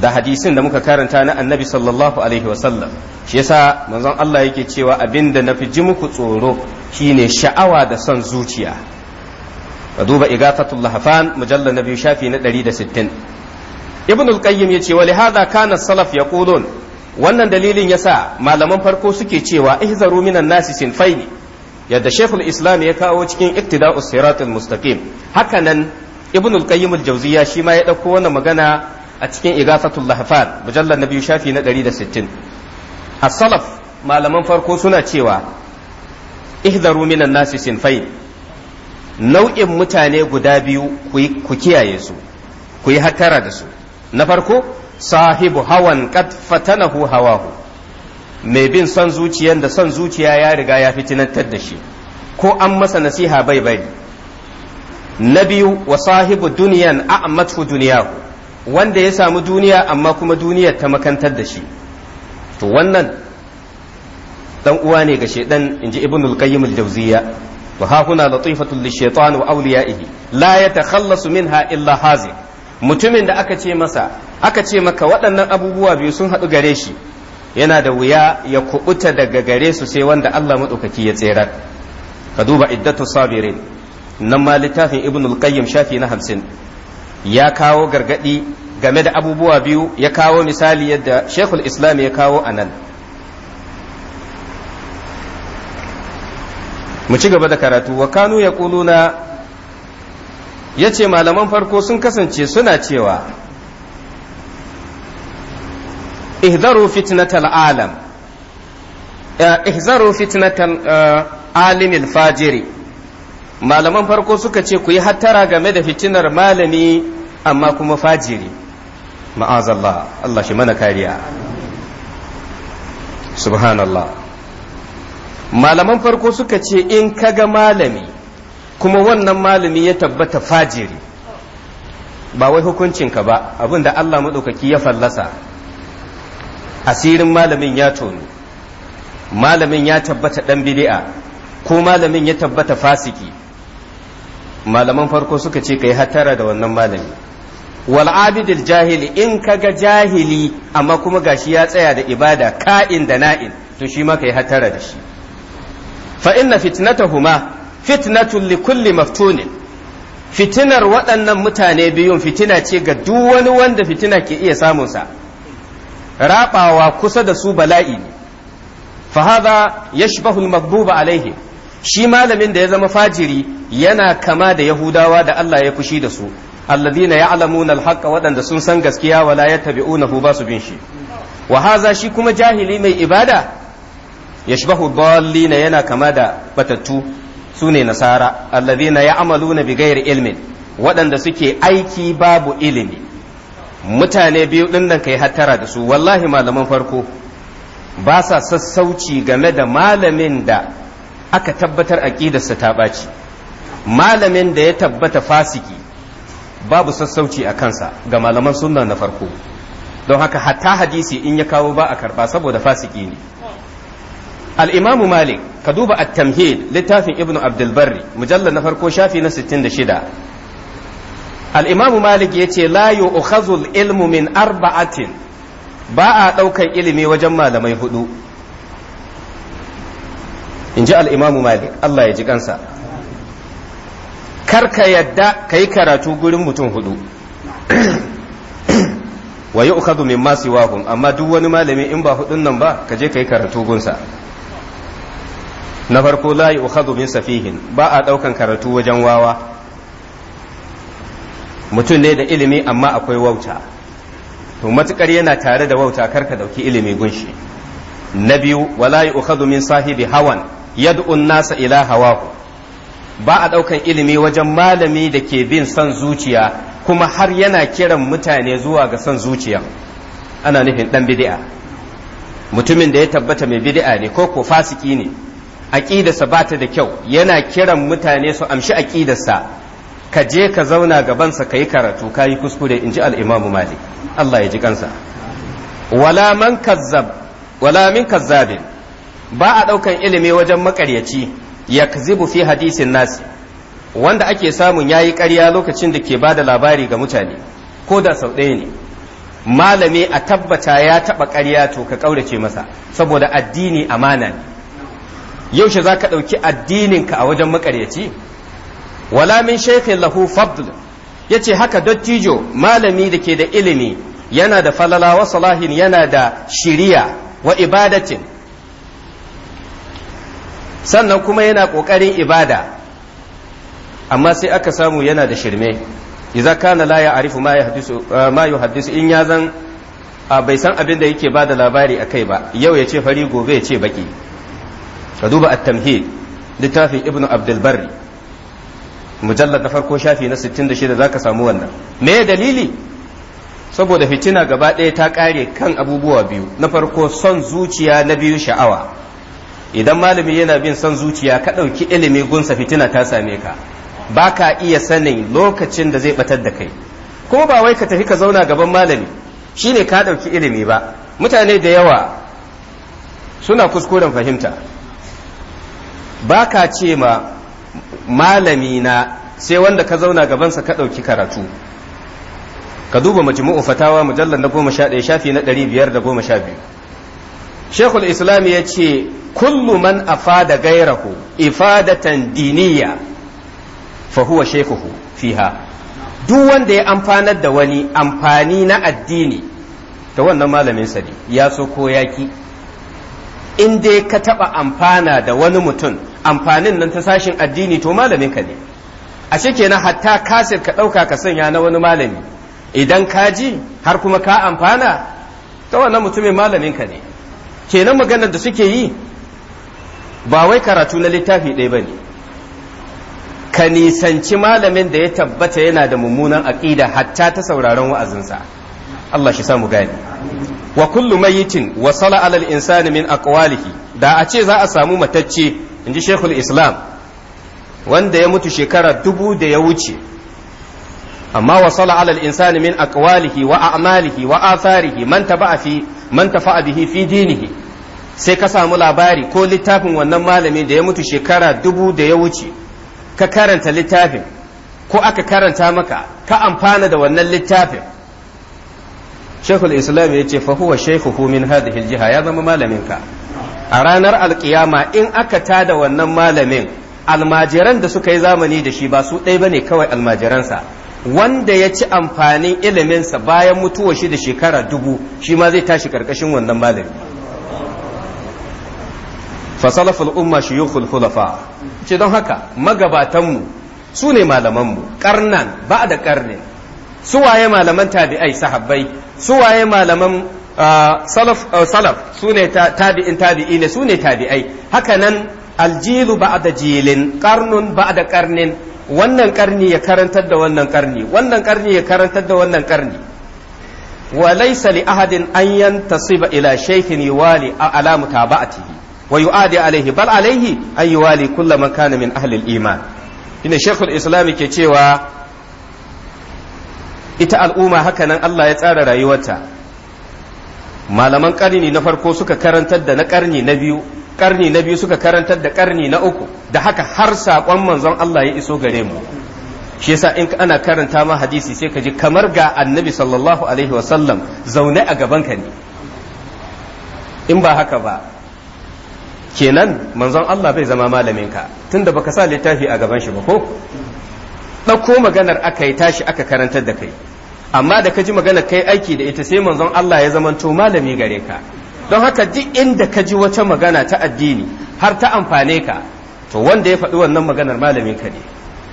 da hadisin da muka karanta na annabi sallallahu alaihi wasallam shi yasa manzon Allah yake cewa abinda nafi ji muku tsoro shine sha'awa da son zuciya ka duba igatatul lahfan mujallal biyu shafi na 160 ibn al-qayyim yace wa li kana salaf yaqulun wannan dalilin yasa malaman farko suke cewa ihzaru minan nasi sinfaini yadda shekul islam ya kawo cikin iktida'us siratul mustaqim hakanan ibn al-qayyim al-jawziya shi ma ya dauko wannan magana a cikin igafatul lahfan mujallal nabiyu shafi na 160 as-salaf malaman farko suna cewa ihzaru minan nasi sinfain nau'in mutane guda biyu ku kiyaye su ku yi hatara da su na farko sahibu hawan qad fatanahu hawahu mai bin son zuciyan da son zuciya ya riga ya fitinantar da shi ko an masa nasiha bai bai na biyu wa sahibu duniyan a'matu duniyahu wanda ya samu duniya amma kuma duniyar ta makantar da shi to wannan dan uwa ne ga shedan inji ibnul qayyim al jawziya wa ha huna latifatu lish-shaytan wa awliya'ihi la yatakhallasu minha illa haziq mutumin da aka ce masa aka ce maka waɗannan abubuwa biyu sun haɗu gare shi yana da wuya ya kuɓuta daga gare su sai wanda Allah maɗaukaki ya tsera. ka duba iddatu sabirin nan ma littafin ibn al shafi na hamsin ya kawo gargaɗi game da abubuwa biyu ya kawo misali yadda shekul islam ya kawo a nan mu ci gaba da karatu wa kanu ya kuluna ya ce malaman farko sun kasance suna cewa ihzaru fitnatal alam eh, ihzaru fitnatal eh, alimil fajiri malaman farko suka ce ku yi hattara game da fitinar malami amma kuma fajiri ma'azallah Allah shi mana kariya subhanallah malaman farko suka ce in kaga malami kuma wannan malami ya tabbata fajiri ba wai hukuncinka ba abin da Allah maɗaukaki ya fallasa asirin malamin ya tonu malamin ya tabbata ɗan bidi'a ko malamin ya tabbata fasiki malaman farko suka ce kai hatara da wannan malami wal'abidil jahili in kaga jahili amma kuma gashi ya tsaya da ibada ka'in da na'in to shi ma ka yi hatara da shi fa inna fitnatahuma fitnatun li kulli maftunin fitinar waɗannan mutane biyun fitina ce ga duk wani wanda fitina ke iya samunsa raɓawa kusa da su bala'i ne fahaza yashbahu al-maghduba shi malamin da ya zama fajiri yana kama da yahudawa da Allah ya fushi da su alladhina ya'lamuna al-haqqa waɗanda sun san gaskiya wala yattabi'unahu ba su bin shi wa shi kuma jahili mai ibada yashbahu dallina yana kama da batattu su ne nasara na ya amalu na bigayar ilmin waɗanda suke aiki babu ilimi mutane biyu ɗin nan kai hattara da su wallahi malaman farko ba sa sassauci game da malamin da aka tabbatar aƙidarsa ta ɓaci malamin da ya tabbata fasiki babu sassauci a kansa ga malaman sunna na farko don haka hatta hadisi in ya kawo ba a karɓa saboda fasiki ne al malik ka duba at-tamhid littafin ibnu abdul mujallar mujallal na farko shafi na sittin 66 al Al'imamu malik yace la yu'khadhu al-ilmu arba'atin ba a daukan ilimi wajen malamai hudu inji al malik Allah ya ji kansa kar ka yadda yi karatu gurin mutum hudu wa yu'khadhu min ma siwahum amma duk wani malami in ba hudun nan ba ka je kai karatu gunsa na farko la ukhadu min safihin ba a daukan karatu wajen wawa mutum ne da ilimi amma akwai wauta to matukar yana tare da wauta kar ka dauki ilimi gunshi na biyu wala ukhadu min sahibi hawan yad'u nasa ila hawahu ba a daukan ilimi wajen malami da ke bin son zuciya kuma har yana kiran mutane zuwa ga son zuciya ana nufin dan bid'a mutumin da ya tabbata mai bid'a ne ko ko fasiki ne aƙidarsa ba ta da kyau yana kiran mutane su amshi aƙidarsa ka je ka zauna gabansa ka yi karatu ka yi kuskure in ji al'imamu malik Allah ya ji kansa wala kazzabin ba a ɗaukan ilimi wajen makaryaci ya fi hadisin nasi wanda ake samun ya yi ƙarya lokacin da ke bada labari ga mutane ko da sau ɗaya ne malami a tabbata ya taɓa ƙarya to ka ƙaurace masa saboda addini amana ne yaushe za ka ɗauki addininka a wajen makaryaci wala min lahu fadl yace haka dattijo malami da ke da ilimi yana da falala wa salahin yana da shiriya wa ibadatin sannan kuma yana ƙoƙarin ibada amma sai aka samu yana da shirme idza kana la ya'rifu ma yahdisu eh, ma yuhaddisu in ya zan ah, bai san abin da yake ba da labari akai ba yau ya ce fari gobe ya ce baki ka duba at-tamhid littafin ibnu abdul barri mujallad na farko shafi na 66 zaka samu wannan me dalili saboda fitina gaba ɗaya ta ƙare kan abubuwa biyu na farko son zuciya na biyu sha'awa idan malami yana bin son zuciya ka ɗauki ilimi gunsa fitina ta same ka ba ka iya sanin lokacin da zai batar da kai kuma ba wai ka tafi ka zauna gaban malami shine ka ɗauki ilimi ba mutane da yawa suna kuskuren fahimta ba ka ce ma malami na sai wanda ka zauna gabansa ka ɗauki karatu ka duba majmu'u fatawa mujallar na goma sha ɗaya shafi na ɗari biyar da goma sha biyu shekul islam ya ce kullu man afada gairahu ifadatan diniya fa huwa shekuhu fiha duk wanda ya amfanar da wani amfani na addini ta wannan malamin sa ne ya so ko yaki in dai ka taɓa amfana da wani mutum amfanin nan ta sashin addini to malamin ka ne ashe kenan hatta kasir ka ɗauka ka sanya na wani malami idan ka ji har kuma ka amfana ta wannan mutumin malamin ka ne kenan maganar da suke yi ba wai karatu na littafi ɗaya ba ne ka nisanci malamin da ya tabbata yana da mummunan aƙida hatta ta sauraron wa'azinsa Allah shi samu gani wa kullu mayitin wa sala alal insani min aqwalihi da a ce za a samu matacce inji shekul islam wanda ya mutu shekara dubu da ya wuce amma wa sala alal insani min aqwalihi wa a'malihi wa atharihi man taba'a fi man tafa'a bihi fi dinihi sai ka samu labari ko littafin wannan malami da ya mutu shekara dubu da ya wuce ka karanta littafin ko aka karanta maka ka amfana da wannan littafin shekul islam ya ce fahuwa shekuhu min hadhihi jiha ya zama malamin ka a ranar alkiyama in aka tada wannan malamin almajiran da suka yi zamani da shi ba su ɗaya bane kawai almajiransa wanda ya ci amfanin iliminsa bayan mutuwa shi da shekara dubu shi ma zai tashi karkashin wannan malamin. fasalaful umma shuyukhul khulafa ce don haka magabatanmu su ne malamanmu karnan ba da karnin su waye malaman tabi'ai sahabbai su waye malaman uh, uh, salaf su ne tabi'in tabi'i ne su ne tabi'ai haka nan aljilu ba'da jilin qarnun da qarnin wannan karni ya karantar da wannan karni wannan karni ya karantar da wannan karni wa laysa li ahadin an yantasiba ila shaykhin yuwali ala mutaba'atihi wa yu'adi alayhi bal alayhi an yuwali kullu man kana min ahli al-iman ina shaykhul islam ke cewa ita al'umma haka nan Allah ya tsara rayuwarta malaman karni na farko suka karantar da na karni na biyu karni na biyu suka karantar da karni na uku da haka har saƙon manzon Allah ya iso gare mu shi yasa in ana karanta ma hadisi sai ka ji kamar ga annabi sallallahu alaihi wasallam zaune a gaban ka ne in ba haka ba kenan manzon Allah bai zama malamin ka tunda baka sa littafi a gaban shi ba ko ɗauko maganar aka yi tashi aka karantar da kai amma da ka ji maganar kai aiki da ita sai manzon Allah ya zamanto malami gare ka don haka duk inda ka ji wata magana ta addini har ta amfane ka to wanda ya faɗi wannan maganar malamin ka ne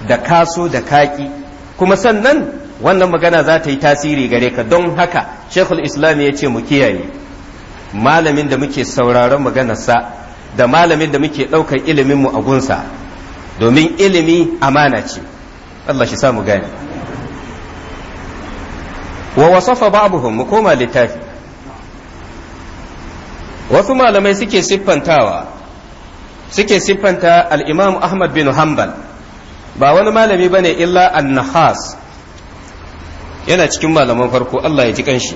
da kaso da kaki kuma sannan wannan magana za ta yi tasiri gare ka don haka shekul islam ya ce mu kiyaye malamin da muke sauraron maganarsa da malamin da muke ɗaukar ilimin mu a gunsa domin ilimi amana ce Allah shi wa wasafa ba'dhum mu koma littafi wasu malamai suke siffantawa suke siffanta al Ahmad bin Hanbal ba wani malami bane illa an-Nahas yana cikin malaman farko Allah ya ji kanshi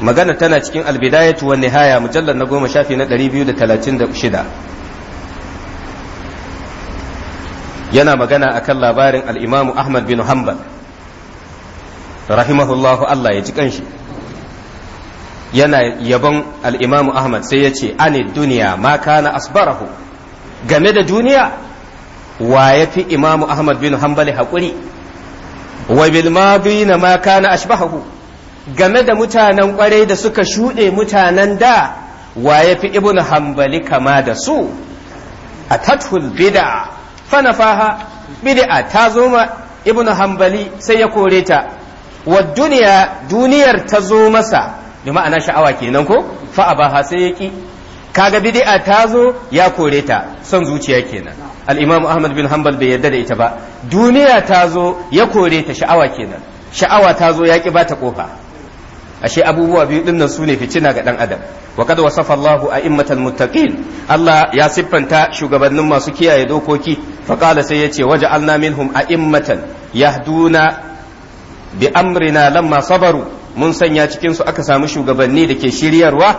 magana tana cikin albidayatu wa nihaya mujallar na goma shafi na 236 yana magana akan labarin al'imamu ahmad bin hanbal rahimahullahu allah ya ji kanshi yana yabon al'imamu ahmad sai ya ce ane duniya ma kana asbarahu game da duniya wa ya fi imamu ahmad bin hanbali haƙuri wa bilmadina ma kana ashbahahu game da mutanen kwarai da suka shuɗe mutanen da wa ya fi ibn hanbali kama da su a tathul bida fanafaha bid'a ta zo ma ibn hanbali sai ya kore ta wa duniya duniyar ta zo masa da ma'ana sha'awa kenan ko fa abaha sai ya ki kaga bid'a ta zo ya kore ta son zuciya kenan al-imam ahmad bin hanbal bai yarda da ita ba duniya ta zo ya kore ta sha'awa kenan sha'awa ta zo ya ki bata kofa ashe abubuwa biyu dinnan su ne fitina ga dan adam wa kad wasafa Allahu a'immatal muttaqin Allah ya siffanta shugabannin masu kiyaye dokoki faƙala sai ya ce waje alna minhum a'immatan yahduna bi amrina lamma sabaru mun sanya cikin su aka samu shugabanni da ke shiryarwa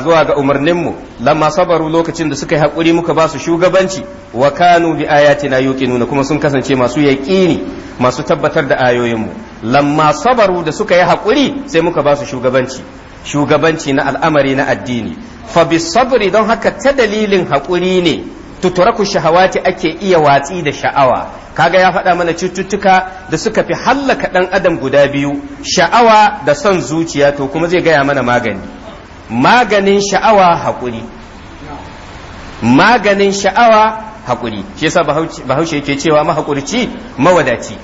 zuwa ga umarninmu lamma sabaru lokacin da suka yi haƙuri muka ba su shugabanci wa kanu bi ayatina nuna kuma sun kasance masu yaƙini masu tabbatar da ayoyinmu lamma sabaru da suka yi haƙuri sai muka ba su shugabanci shugabanci na al'amari na addini fa bi sabri don haka ta dalilin haƙuri ne tutaraku shahawati ake iya watsi da sha'awa kaga ya faɗa mana cututtuka da suka fi hallaka ɗan adam guda biyu sha'awa da son zuciya to kuma zai gaya mana magani maganin sha'awa haƙuri maganin sha'awa haƙuri shi yasa bahaushe yake cewa mahaƙurci mawadaci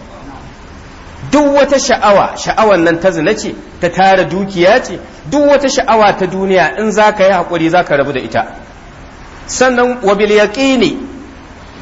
duk wata sha'awa sha'awan nan ta zina ce ta tara dukiya ce duk wata sha'awa ta duniya in za yi haƙuri zaka rabu da ita sannan wabil ne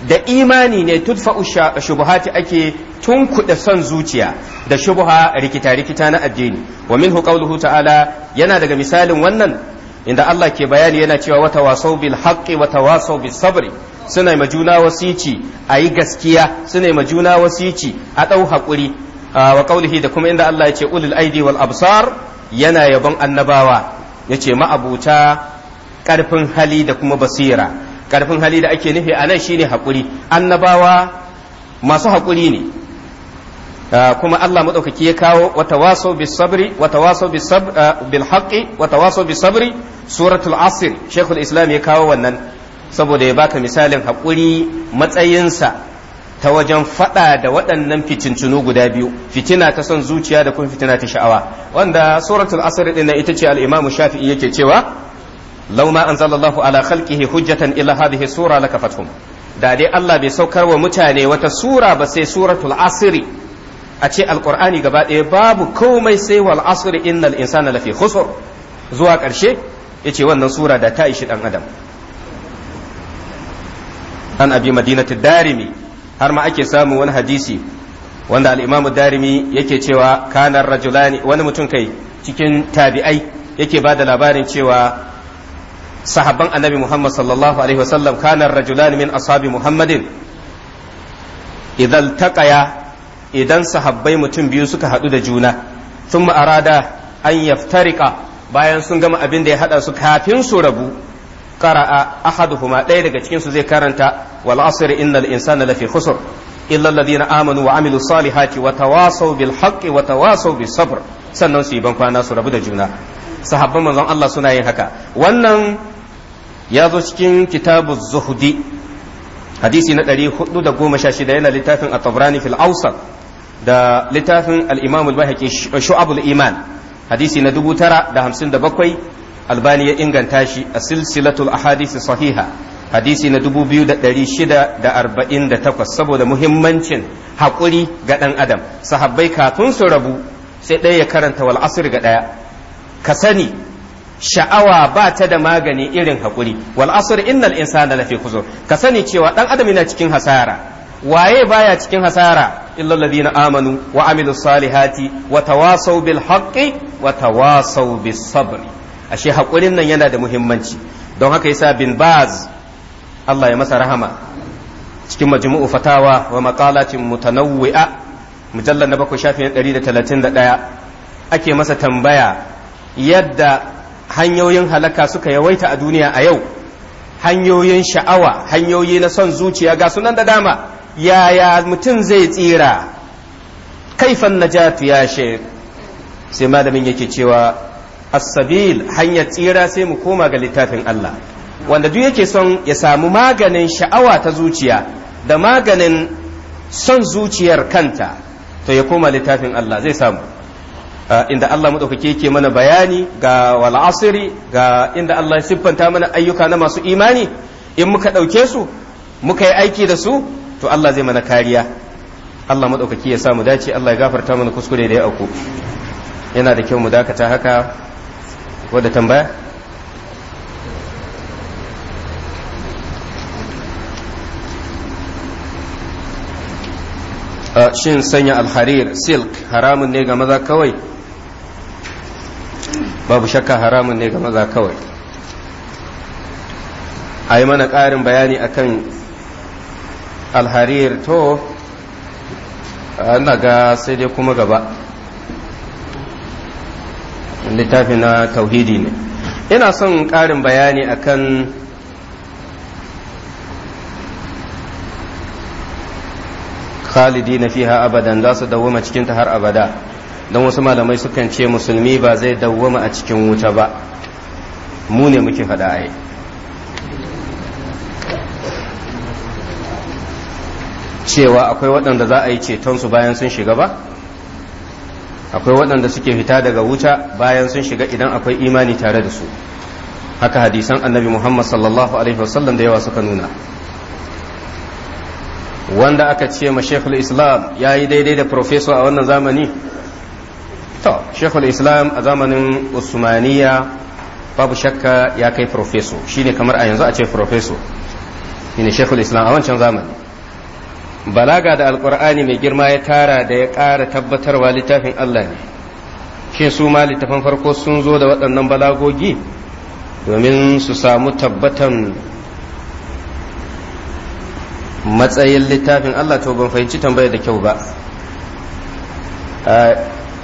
da imani ne tudfa'u shubuhati ake tun kuɗa son zuciya da shubuha rikita rikita na addini wa minhu qawluhu ta'ala yana daga misalin wannan inda Allah ke bayani yana cewa wata wasau bil haqqi wata wasau bis sabri suna ma juna wasici a yi gaskiya suna ma juna wasici a ɗau haƙuri wa qawlihi da kuma inda Allah ya ce ulil aidi wal absar yana yabon annabawa yace ma'abuta ƙarfin hali da kuma basira ƙarfin hali da ake nufi a nan shine haƙuri annabawa masu haƙuri ne ah, kuma Allah maɗaukaki ya kawo wata waso bi sabri wata waso ah, bil haqqi wata waso bis sabri suratul asr shekul islam ya kawo wannan saboda ya baka misalin haƙuri matsayinsa ta wajen faɗa da waɗannan fitincinu guda biyu fitina ta son zuciya da kuma fitina ta sha'awa wanda suratul asr ɗin ita ce al-imamu shafi'i yake cewa Launa ma anzalallahu ala khalqihi hujjatan illa hadhihi sura lakafatuhum da dai Allah bai saukar wa mutane wata sura ba sai suratul asiri a ce alqur'ani gaba ɗaya babu komai sai wal in innal insana lafi khusr zuwa ƙarshe yace wannan sura da ta ishi ɗan adam an abi madinatu darimi har ma ake samun wani hadisi wanda al-imam darimi yake cewa kanar rajulani wani mutum kai cikin tabi'ai yake ba da labarin cewa sahabban annabi Muhammad sallallahu alaihi wasallam kana rajulan min ashabi Muhammadin idan taqaya idan sahabbai mutum biyu suka hadu da juna thumma arada an yaftarika bayan sun gama abin da ya hada su kafin su rabu qara'a ahaduhuma ɗaya daga cikin su zai karanta wal asr innal insana lafi khusr illa alladhina amanu wa amilus salihati wa tawasaw bil haqqi wa tawasaw bis sabr sannan su yi ban kwana su rabu da juna sahabban manzon Allah suna yin haka wannan ya zo cikin kitabu zuhudi hadisi na 416 yana littafin at-tabrani fil awsat da littafin al-imam al-bahaqi shu'abul iman hadisi na 957 albani ya inganta shi a silsilatul ahadisi sahiha hadisi na 2648 saboda muhimmancin haƙuri ga ɗan adam sahabbai kafin su rabu sai ɗaya ya karanta wal asr ga ɗaya ka sani sha'awa ba ta da magani irin haƙuri wal asr innal insana lafi kuzo ka sani cewa dan adam yana cikin hasara waye baya cikin hasara illal ladina amanu wa amilu salihati wa tawasaw bil haqqi wa tawasaw bis sabr ashe haƙurin nan yana da muhimmanci don haka yasa bin baz Allah ya masa rahama cikin majmu'u fatawa wa maqalatin mutanawwi'a mujallal na bakwai shafin 131 ake masa tambaya yadda hanyoyin halaka suka yawaita a duniya a yau hanyoyin sha'awa hanyoyi na son zuciya ga sunan da dama yaya mutum zai tsira kaifan najatu ya sai malamin yake cewa as-sabil hanyar tsira sai mu koma ga littafin Allah wanda duk yake son ya samu maganin sha'awa ta zuciya da maganin son zuciyar kanta to ya koma littafin Allah zai samu inda Allah madaukake yake mana bayani ga wal asri ga inda Allah ya siffanta mana ayyuka na masu imani in muka ɗauke su muka yi aiki da su to Allah zai mana kariya Allah madaukake ya mu dace Allah ya gafarta mana kuskure da ya auku yana da kyau mu dakata haka wadda tambaya shin sanya alharir silk haramun ne ga maza kawai babu shakka haramun ne ga maza kawai a yi mana ƙarin bayani akan alhariyar to ana ga sai dai kuma gaba littafi na tauhidi ne ina son ƙarin bayani a kan khalidi na fiha abadan za su dawoma cikinta har abada don wasu malamai sukan ce musulmi ba zai dawwama a cikin wuta ba mu ne muke faɗa yi cewa akwai waɗanda za a yi cetonsu bayan sun shiga ba akwai waɗanda suke fita daga wuta bayan sun shiga idan akwai imani tare da su haka hadisan annabi muhammad sallallahu alaihi wasallam da yawa suka nuna wanda aka ce ma shekul islam ya yi daidai da profesor a wannan zamani to shekul islam a zamanin usmaniya babu shakka ya kai profeso shine kamar a yanzu a ce profeso shine shekul islam a wancan zamani balaga da alkur'ani mai girma ya tara da ya ƙara tabbatarwa littafin allah ne shin su ma littafin farko sun zo da waɗannan balagogi domin su samu tabbatan matsayin littafin allah to ban fahimci tambayar da kyau ba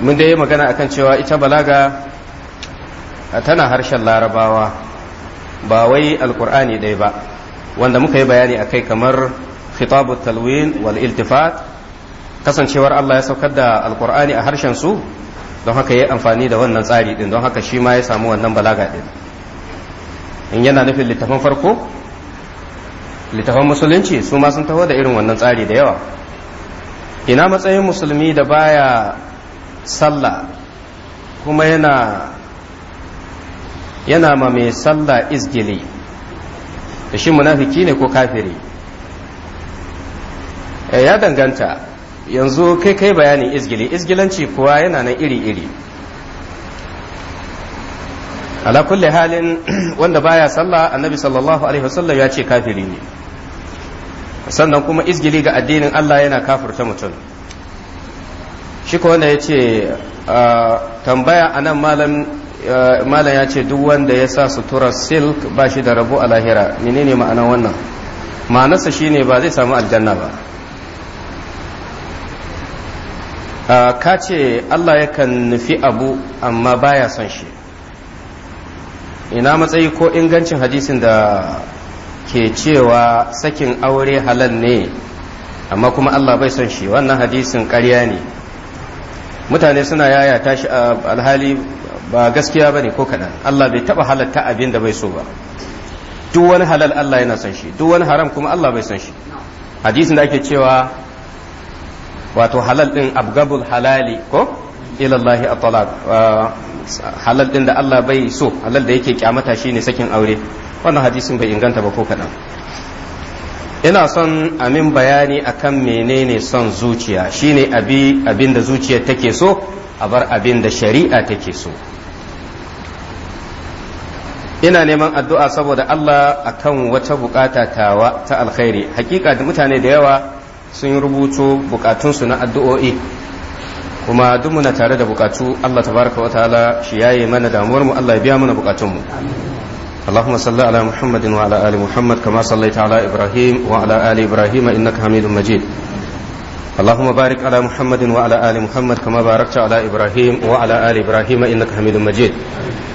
mun dai yi magana akan cewa ita balaga tana harshen larabawa ba wai alkur'ani ɗaya ba wanda muka yi bayani akai kamar khitabu talwin wal iltifat kasancewar Allah ya saukar da alkur'ani a harshen su don haka yi amfani da wannan tsari din don haka shi ma ya samu wannan balaga din in yana nufin littafin farko littafin musulunci su ma sun taho da irin wannan tsari da yawa ina matsayin musulmi da baya sallah kuma yana yana ma mai sallah izgili da shi munafiki ne ko kafiri eh, ya danganta yanzu kai kai bayanin izgili izgilanci kuwa yana nan iri-iri ala kulli halin wanda baya salla annabi sallallahu alaihi wasallam ya ce kafiri ne sannan kuma izgili ga addinin Allah yana kafurta mutum shi ko wanda ya ce ah, tambaya a nan ah, malam ya ce duk wanda ya sa sutura silk ba shi da rabu a lahira menene ma'anar wannan ma'anarsa shine ba zai samu aljanna ba ah, ka ce Allah yakan nufi abu amma baya son shi ina matsayi ko ingancin hadisin da ke cewa sakin aure halal ne amma kuma Allah bai son shi wannan hadisin karya ne mutane suna yaya tashi alhali ba gaskiya bane ko kaɗan Allah bai taba halatta abin da bai so ba duk wani halal Allah yana san shi duk wani haram kuma Allah bai san shi hadisin da ake cewa wato halal din abgabul halali ko ilallahi at-talaq halal din da Allah bai so halal da yake kyamata shine sakin aure wannan hadisin bai inganta ba ko kaɗan ina son amin bayani akan menene son zuciya shine abi abin da zuciya take so a bar abin da shari'a take so ina neman addu'a saboda Allah akan wata bukata tawa ta alkhairi hakika da mutane da yawa sun rubuto bukatunsu na addu'o'i kuma duk muna tare da bukatu Allah tabaraka wa ta'ala shi yaye mana damuwar mu Allah ya biya mana bukatun اللهم صل على محمد وعلى آل محمد كما صليت على إبراهيم وعلى آل إبراهيم إنك حميد مجيد اللهم بارك على محمد وعلى آل محمد كما باركت على إبراهيم وعلى آل إبراهيم إنك حميد مجيد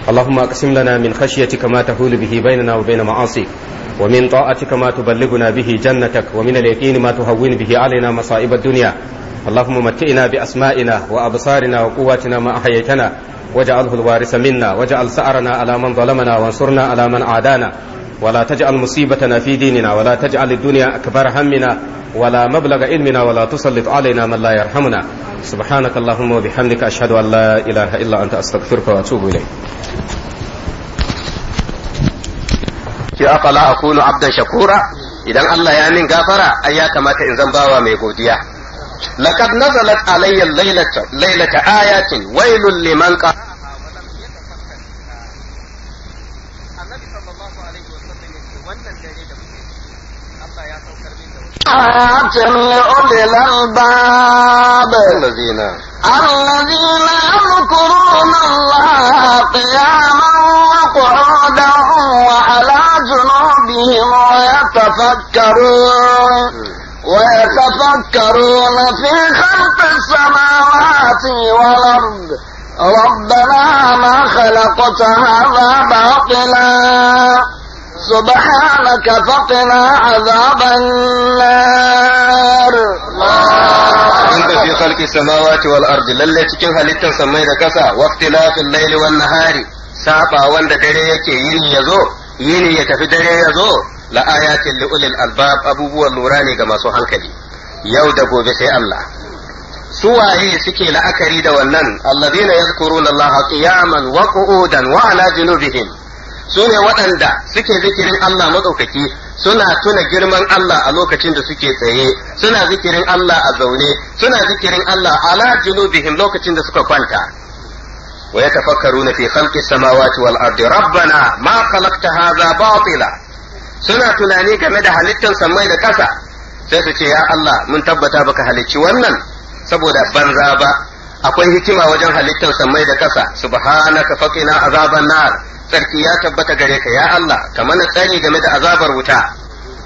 اللهم أقسم لنا من خشيتك ما تحول به بيننا وبين معاصيك ومن طاعتك ما تبلغنا به جنتك ومن اليقين ما تهون به علينا مصائب الدنيا اللهم متئنا بأسمائنا وأبصارنا وقواتنا ما أحييتنا واجعله الوارث منا واجعل سعرنا على من ظلمنا وانصرنا على من عادانا ولا تجعل مصيبتنا في ديننا ولا تجعل الدنيا أكبر همنا ولا مبلغ علمنا ولا تسلط علينا من لا يرحمنا سبحانك اللهم وبحمدك أشهد أن لا إله إلا أنت أستغفرك وأتوب إليك ya afala akunu abdan shakura idan Allah ya min gafara ai ya kamata in zan bawa mai godiya لقد نزلت علي الليلة ليلة آيات ويل لمن قال آيات آه، لأولي الألباب الذين الذين يذكرون الله قياما وقعودا وعلى جنوبهم ويتفكرون ويتفكرون في خلق السماوات والأرض ربنا ما خلقت هذا باطلا سبحانك فقنا عذاب النار inda fi khalqi samawati wal ardi lalle cikin halittar samai da kasa waqtilafil layli wan hari. saba wanda dare yake yini yazo yini ya tafi dare yazo la ayatin li ulil albab abubuwan lura ne ga masu hankali yau da gobe sai Allah su waye suke la'akari da wannan alladhina yadhkuruna Allah qiyaman wa qu'udan wa ala junubihim su ne waɗanda suke zikirin Allah matsaukaki suna tuna girman Allah a lokacin da suke tsaye suna zikirin Allah a zaune suna zikirin Allah ala junubihim lokacin da suka kwanta wa yatafakkaruna fi khalqis samawati wal ardi rabbana ma khalaqta hadha suna tunani game da halittar samai da ƙasa sai su ce ya Allah mun tabbata baka halicci wannan saboda banza ba akwai hikima wajen halittar samai da ƙasa subhanaka faqina azaban nar sarki ya tabbata gare ka ya Allah ka mana tsari game da azabar wuta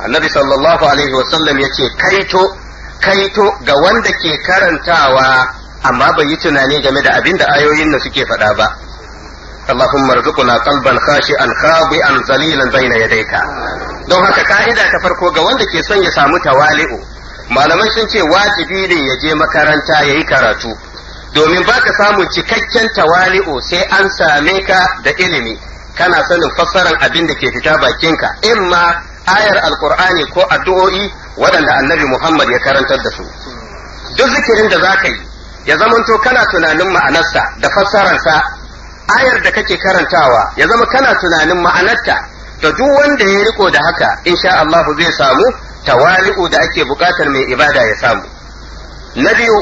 annabi sallallahu alaihi wasallam ya kaito kaito ga wanda ke karantawa amma bai yi tunani game da abin da ayoyin da suke faɗa ba اللهم ارزقنا قلبا خاشعا خاضعا ذليلا بين يديك don haka ka'ida ta farko ga wanda ke son ya samu tawali'u malamai sun ce wajibi ne ya je makaranta ya yi karatu domin ba ka samun cikakken tawali'u sai an same ka da ilimi kana sanin fassarar abin da ke fita bakinka imma ayar alkur'ani ko addu'o'i waɗanda annabi muhammad ya karantar da su duk zikirin da za ka yi ya zamanto kana tunanin ma'anarsa da fassararsa ayar da kake karantawa ya zama kana tunanin ma'anarta to duk wanda ya riko da haka insha Allah zai samu tawali'u da ake bukatar mai ibada ya samu na biyu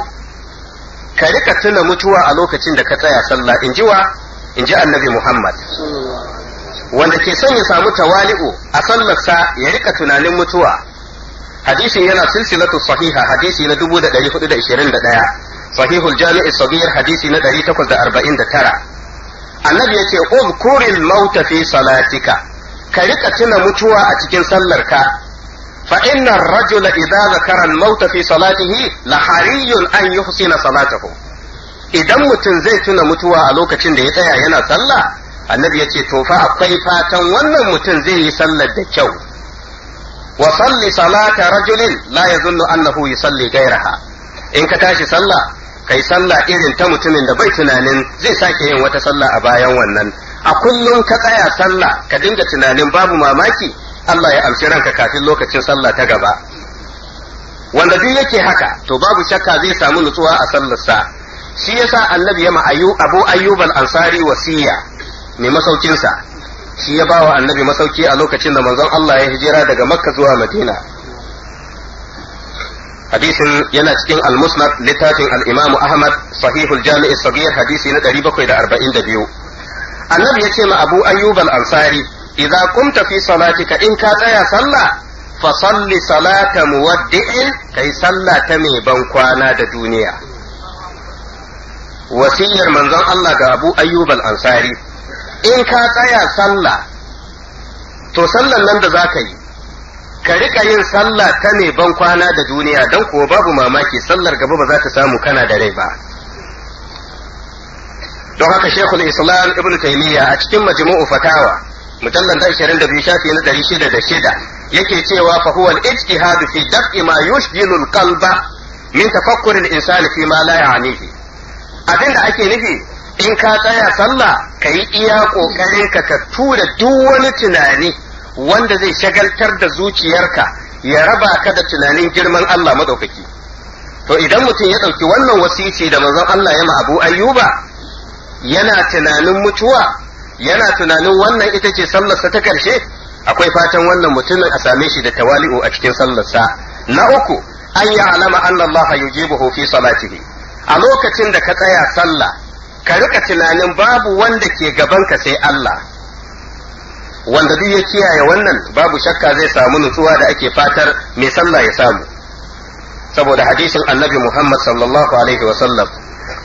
ka rika tuna mutuwa a lokacin da ka tsaya sallah in ji wa in ji annabi Muhammad wanda ke son ya samu tawali'u a sallarsa ya rika tunanin mutuwa hadisin yana silsilatu sahiha hadisi na 1421 sahihul jami'i sabir hadisi na 849 annabi yace ce uzkuril mauta fi salatika ka rika tuna mutuwa a cikin sallarka fa inna rajula idza zakara al-mauta fi salatihi la hariyun an yuhsina salatahu idan mutum zai tuna mutuwa a lokacin da ya tsaya yana sallah annabi yace ce to fa akwai fatan wannan mutum zai yi sallar da kyau wa salli salata rajulin la yazunnu annahu yusalli gairaha in ka tashi sallah kai sallah irin ta mutumin da bai tunanin zai sake yin wata sallah a bayan wannan a kullum ka tsaya sallah ka dinga tunanin babu mamaki Allah ya amshi ranka kafin lokacin sallah ta gaba wanda duk yake haka to babu shakka zai samu nutsuwa a sallarsa shi yasa annabi ya ma'ayu abu ayyub ansari wasiya mai masaukinsa shi ya bawa annabi masauki a lokacin da manzon Allah ya hijira daga makka zuwa madina hadisin yana cikin al-musnad littafin al'imam ahmad sahihul jami'i sagir hadisi na da da arba'in 742 annabi ya ce ma abu Ayyubal al-ansari idza qumta fi salatika in ka tsaya sallah fa salli salata muwaddi'in kai sallah ta mai ban kwana da duniya wasiyar manzon Allah ga abu ayyub ansari in ka tsaya sallah to sallar nan da zaka yi ka rika yin sallah ta mai ban kwana da duniya don kuwa babu mamaki sallar gaba ba za ta samu kana da rai ba don haka shekul islam ibn taimiyya a cikin majmu'u fatawa mujallar da 22 shafi na 606 yake cewa fa huwa al-ijtihad fi daf'i ma yushghilu al-qalba min tafakkur al-insani fi ma la ya'nihi abinda ake nufi in ka tsaya sallah kai iya kokarin ka ka tura duk wani tunani wanda zai shagaltar da zuciyarka ya raba ka da tunanin girman Allah madaukaki to idan mutum ya ɗauki wannan wasici da manzon Allah ya ma Abu Ayyuba yana tunanin mutuwa yana tunanin wannan ita ce sallarsa ta karshe akwai fatan wannan mutumin a same shi da tawali'u a cikin sallarsa na uku an yi alama Allah yujibuhu fi salatihi a lokacin da ka tsaya sallah ka rika tunanin babu wanda ke gabanka sai Allah wanda duk ya kiyaye wannan babu shakka zai samu nutsuwa da ake fatar mai sallah ya samu saboda hadisin annabi Muhammad sallallahu alaihi wa sallam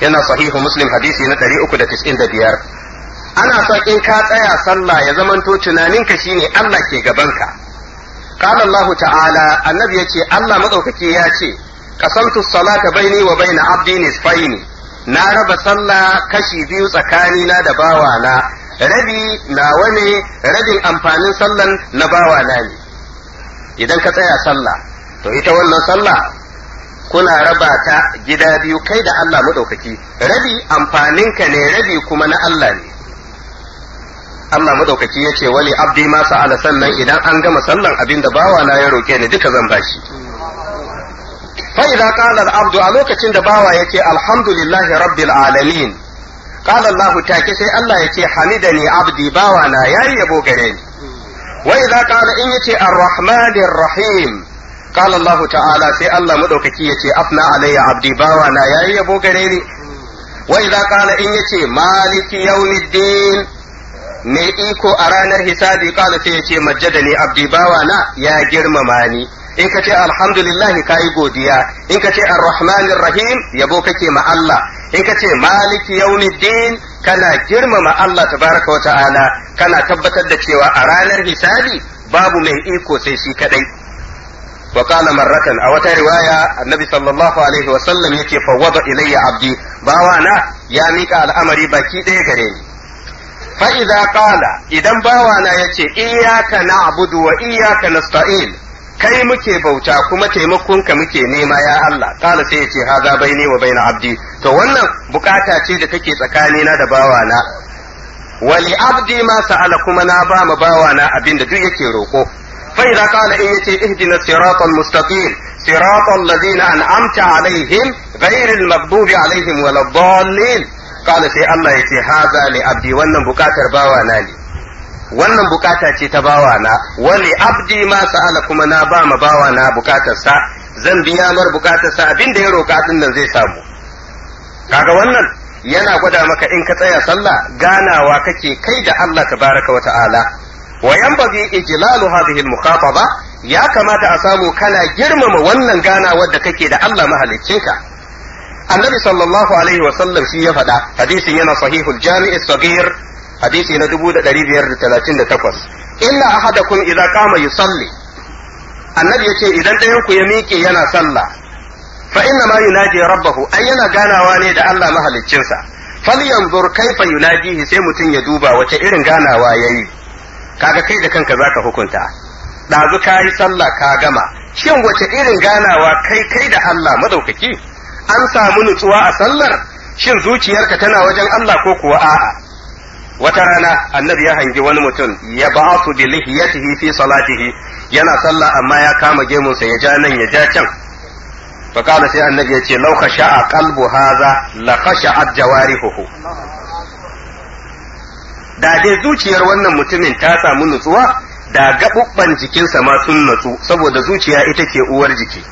yana sahihu muslim hadisi na 395 ana son in ka tsaya sallah ya zamanto tunaninka shine Allah ke gabanka qala Allah ta'ala annabi yace Allah madaukaki ya ce qasamtu salata baini wa baina abdi nisfaini na raba sallah kashi biyu tsakanina da bawana rabi nawa ne rabin amfanin sallan na bawa na ne idan ka tsaya sallah to ita wannan sallah kuna raba ta gida biyu kai da Allah maɗaukaki rabi amfaninka ne rabi kuma na Allah ne Allah maɗaukaki ya ce wali abdi ma sa'ala sannan idan an gama sallan abin da bawa na ya roke ni duka zan bashi fa idza qala al-abdu a lokacin da bawa yake alhamdulillahi rabbil alamin qala take sai Allah ya ce ni wa idza yace arrahmanir rahim ta'ala sai Allah madaukaki yace afna alayya abdi in yace maliki mai iko a ranar hisabi kala sai ya ce majjadani abdi bawa na ya girmama ni in ka ce alhamdulillah ka yi godiya in ka ce arrahmanir rahim yabo kake ma Allah in ka ce maliki din kana girmama Allah tabaraka wa ta'ala kana tabbatar da cewa a ranar hisabi babu mai iko sai shi kadai wa kana marratan a wata riwaya annabi sallallahu alaihi wa sallam yake fawwada ilayya abdi na ya mika al'amari baki ɗaya gare ni fa'iza ƙala idan bawana ya ce iyaka na abudu wa iyaka na nasta'in kai muke bauta kuma taimakonka muke nema ya Allah ƙala sai ya ce haza bai ne wa abdi to wannan buƙata ce da take tsakanina da bawana wali abdi ma sa'ala kuma na bama bawana abinda duk yake roƙo fa'iza ƙala in yace ihdina siratal mustaqim siratal ladina an'amta alaihim ghairil maghdubi alaihim waladdallin kala sai Allah ya ce haza li abdi wannan bukatar bawa na ne wannan bukata ce ta bawa na wani abdi ma sa'ala kuma na ba ma bawa na sa zan biya mar bukatarsa abinda ya roka din nan zai samu kaga wannan yana gwada maka in ka tsaya sallah ganawa kake kai da Allah tabaraka wa ta'ala wa yanbaghi ijlalu hadhihi al-mukhataba ya kamata a samu kana girmama wannan ganawar da kake da Allah mahaliccinka annabi sallallahu alaihi wa sallam shi ya faɗa hadisin yana sahihul jami'i sagir hadisi na 1538 inna ahadakum idza qama yusalli annabi yace idan ɗayan ku ya miƙe yana sallah fa inna ma yunaji rabbahu ai yana ganawa ne da Allah mahaliccinsa falyanzur kaifa yunajihi sai mutum ya duba wace irin ganawa yayi kaga kai da kanka zaka hukunta ɗazu ka yi sallah ka gama shin wace irin ganawa kai kai da Allah madaukaki an samu nutsuwa a sallar shin zuciyarka tana wajen Allah ko kuwa a'a wata rana annabi ya hangi wani mutum ya ba su bi lihiyatihi fi salatihi yana sallah amma ya kama gemun sa ya ja nan ya ja can fa kana sai annabi ya ce law a qalbu hadha la al jawarihuhu da dai zuciyar wannan mutumin ta samu nutsuwa da gaɓuɓɓan jikinsa ma sun natsu saboda zuciya ita ke uwar jiki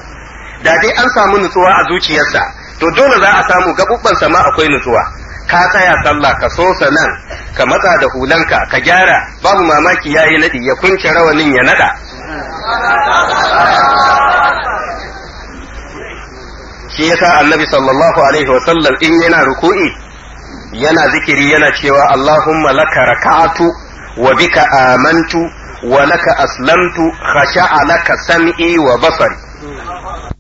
da dai an samu nutsuwa a zuciyarsa to dole za a samu gabubban sama akwai nutsuwa ka tsaya sallah ka so sanan ka matsa da hulanka ka gyara babu mamaki yayi nadi ya kunce rawanin ya nada shi yasa annabi sallallahu alaihi wa sallam in yana ruku'i yana zikiri yana cewa Allahumma laka raka'atu wa bika amantu wa laka aslamtu khasha'a laka sam'i wa basari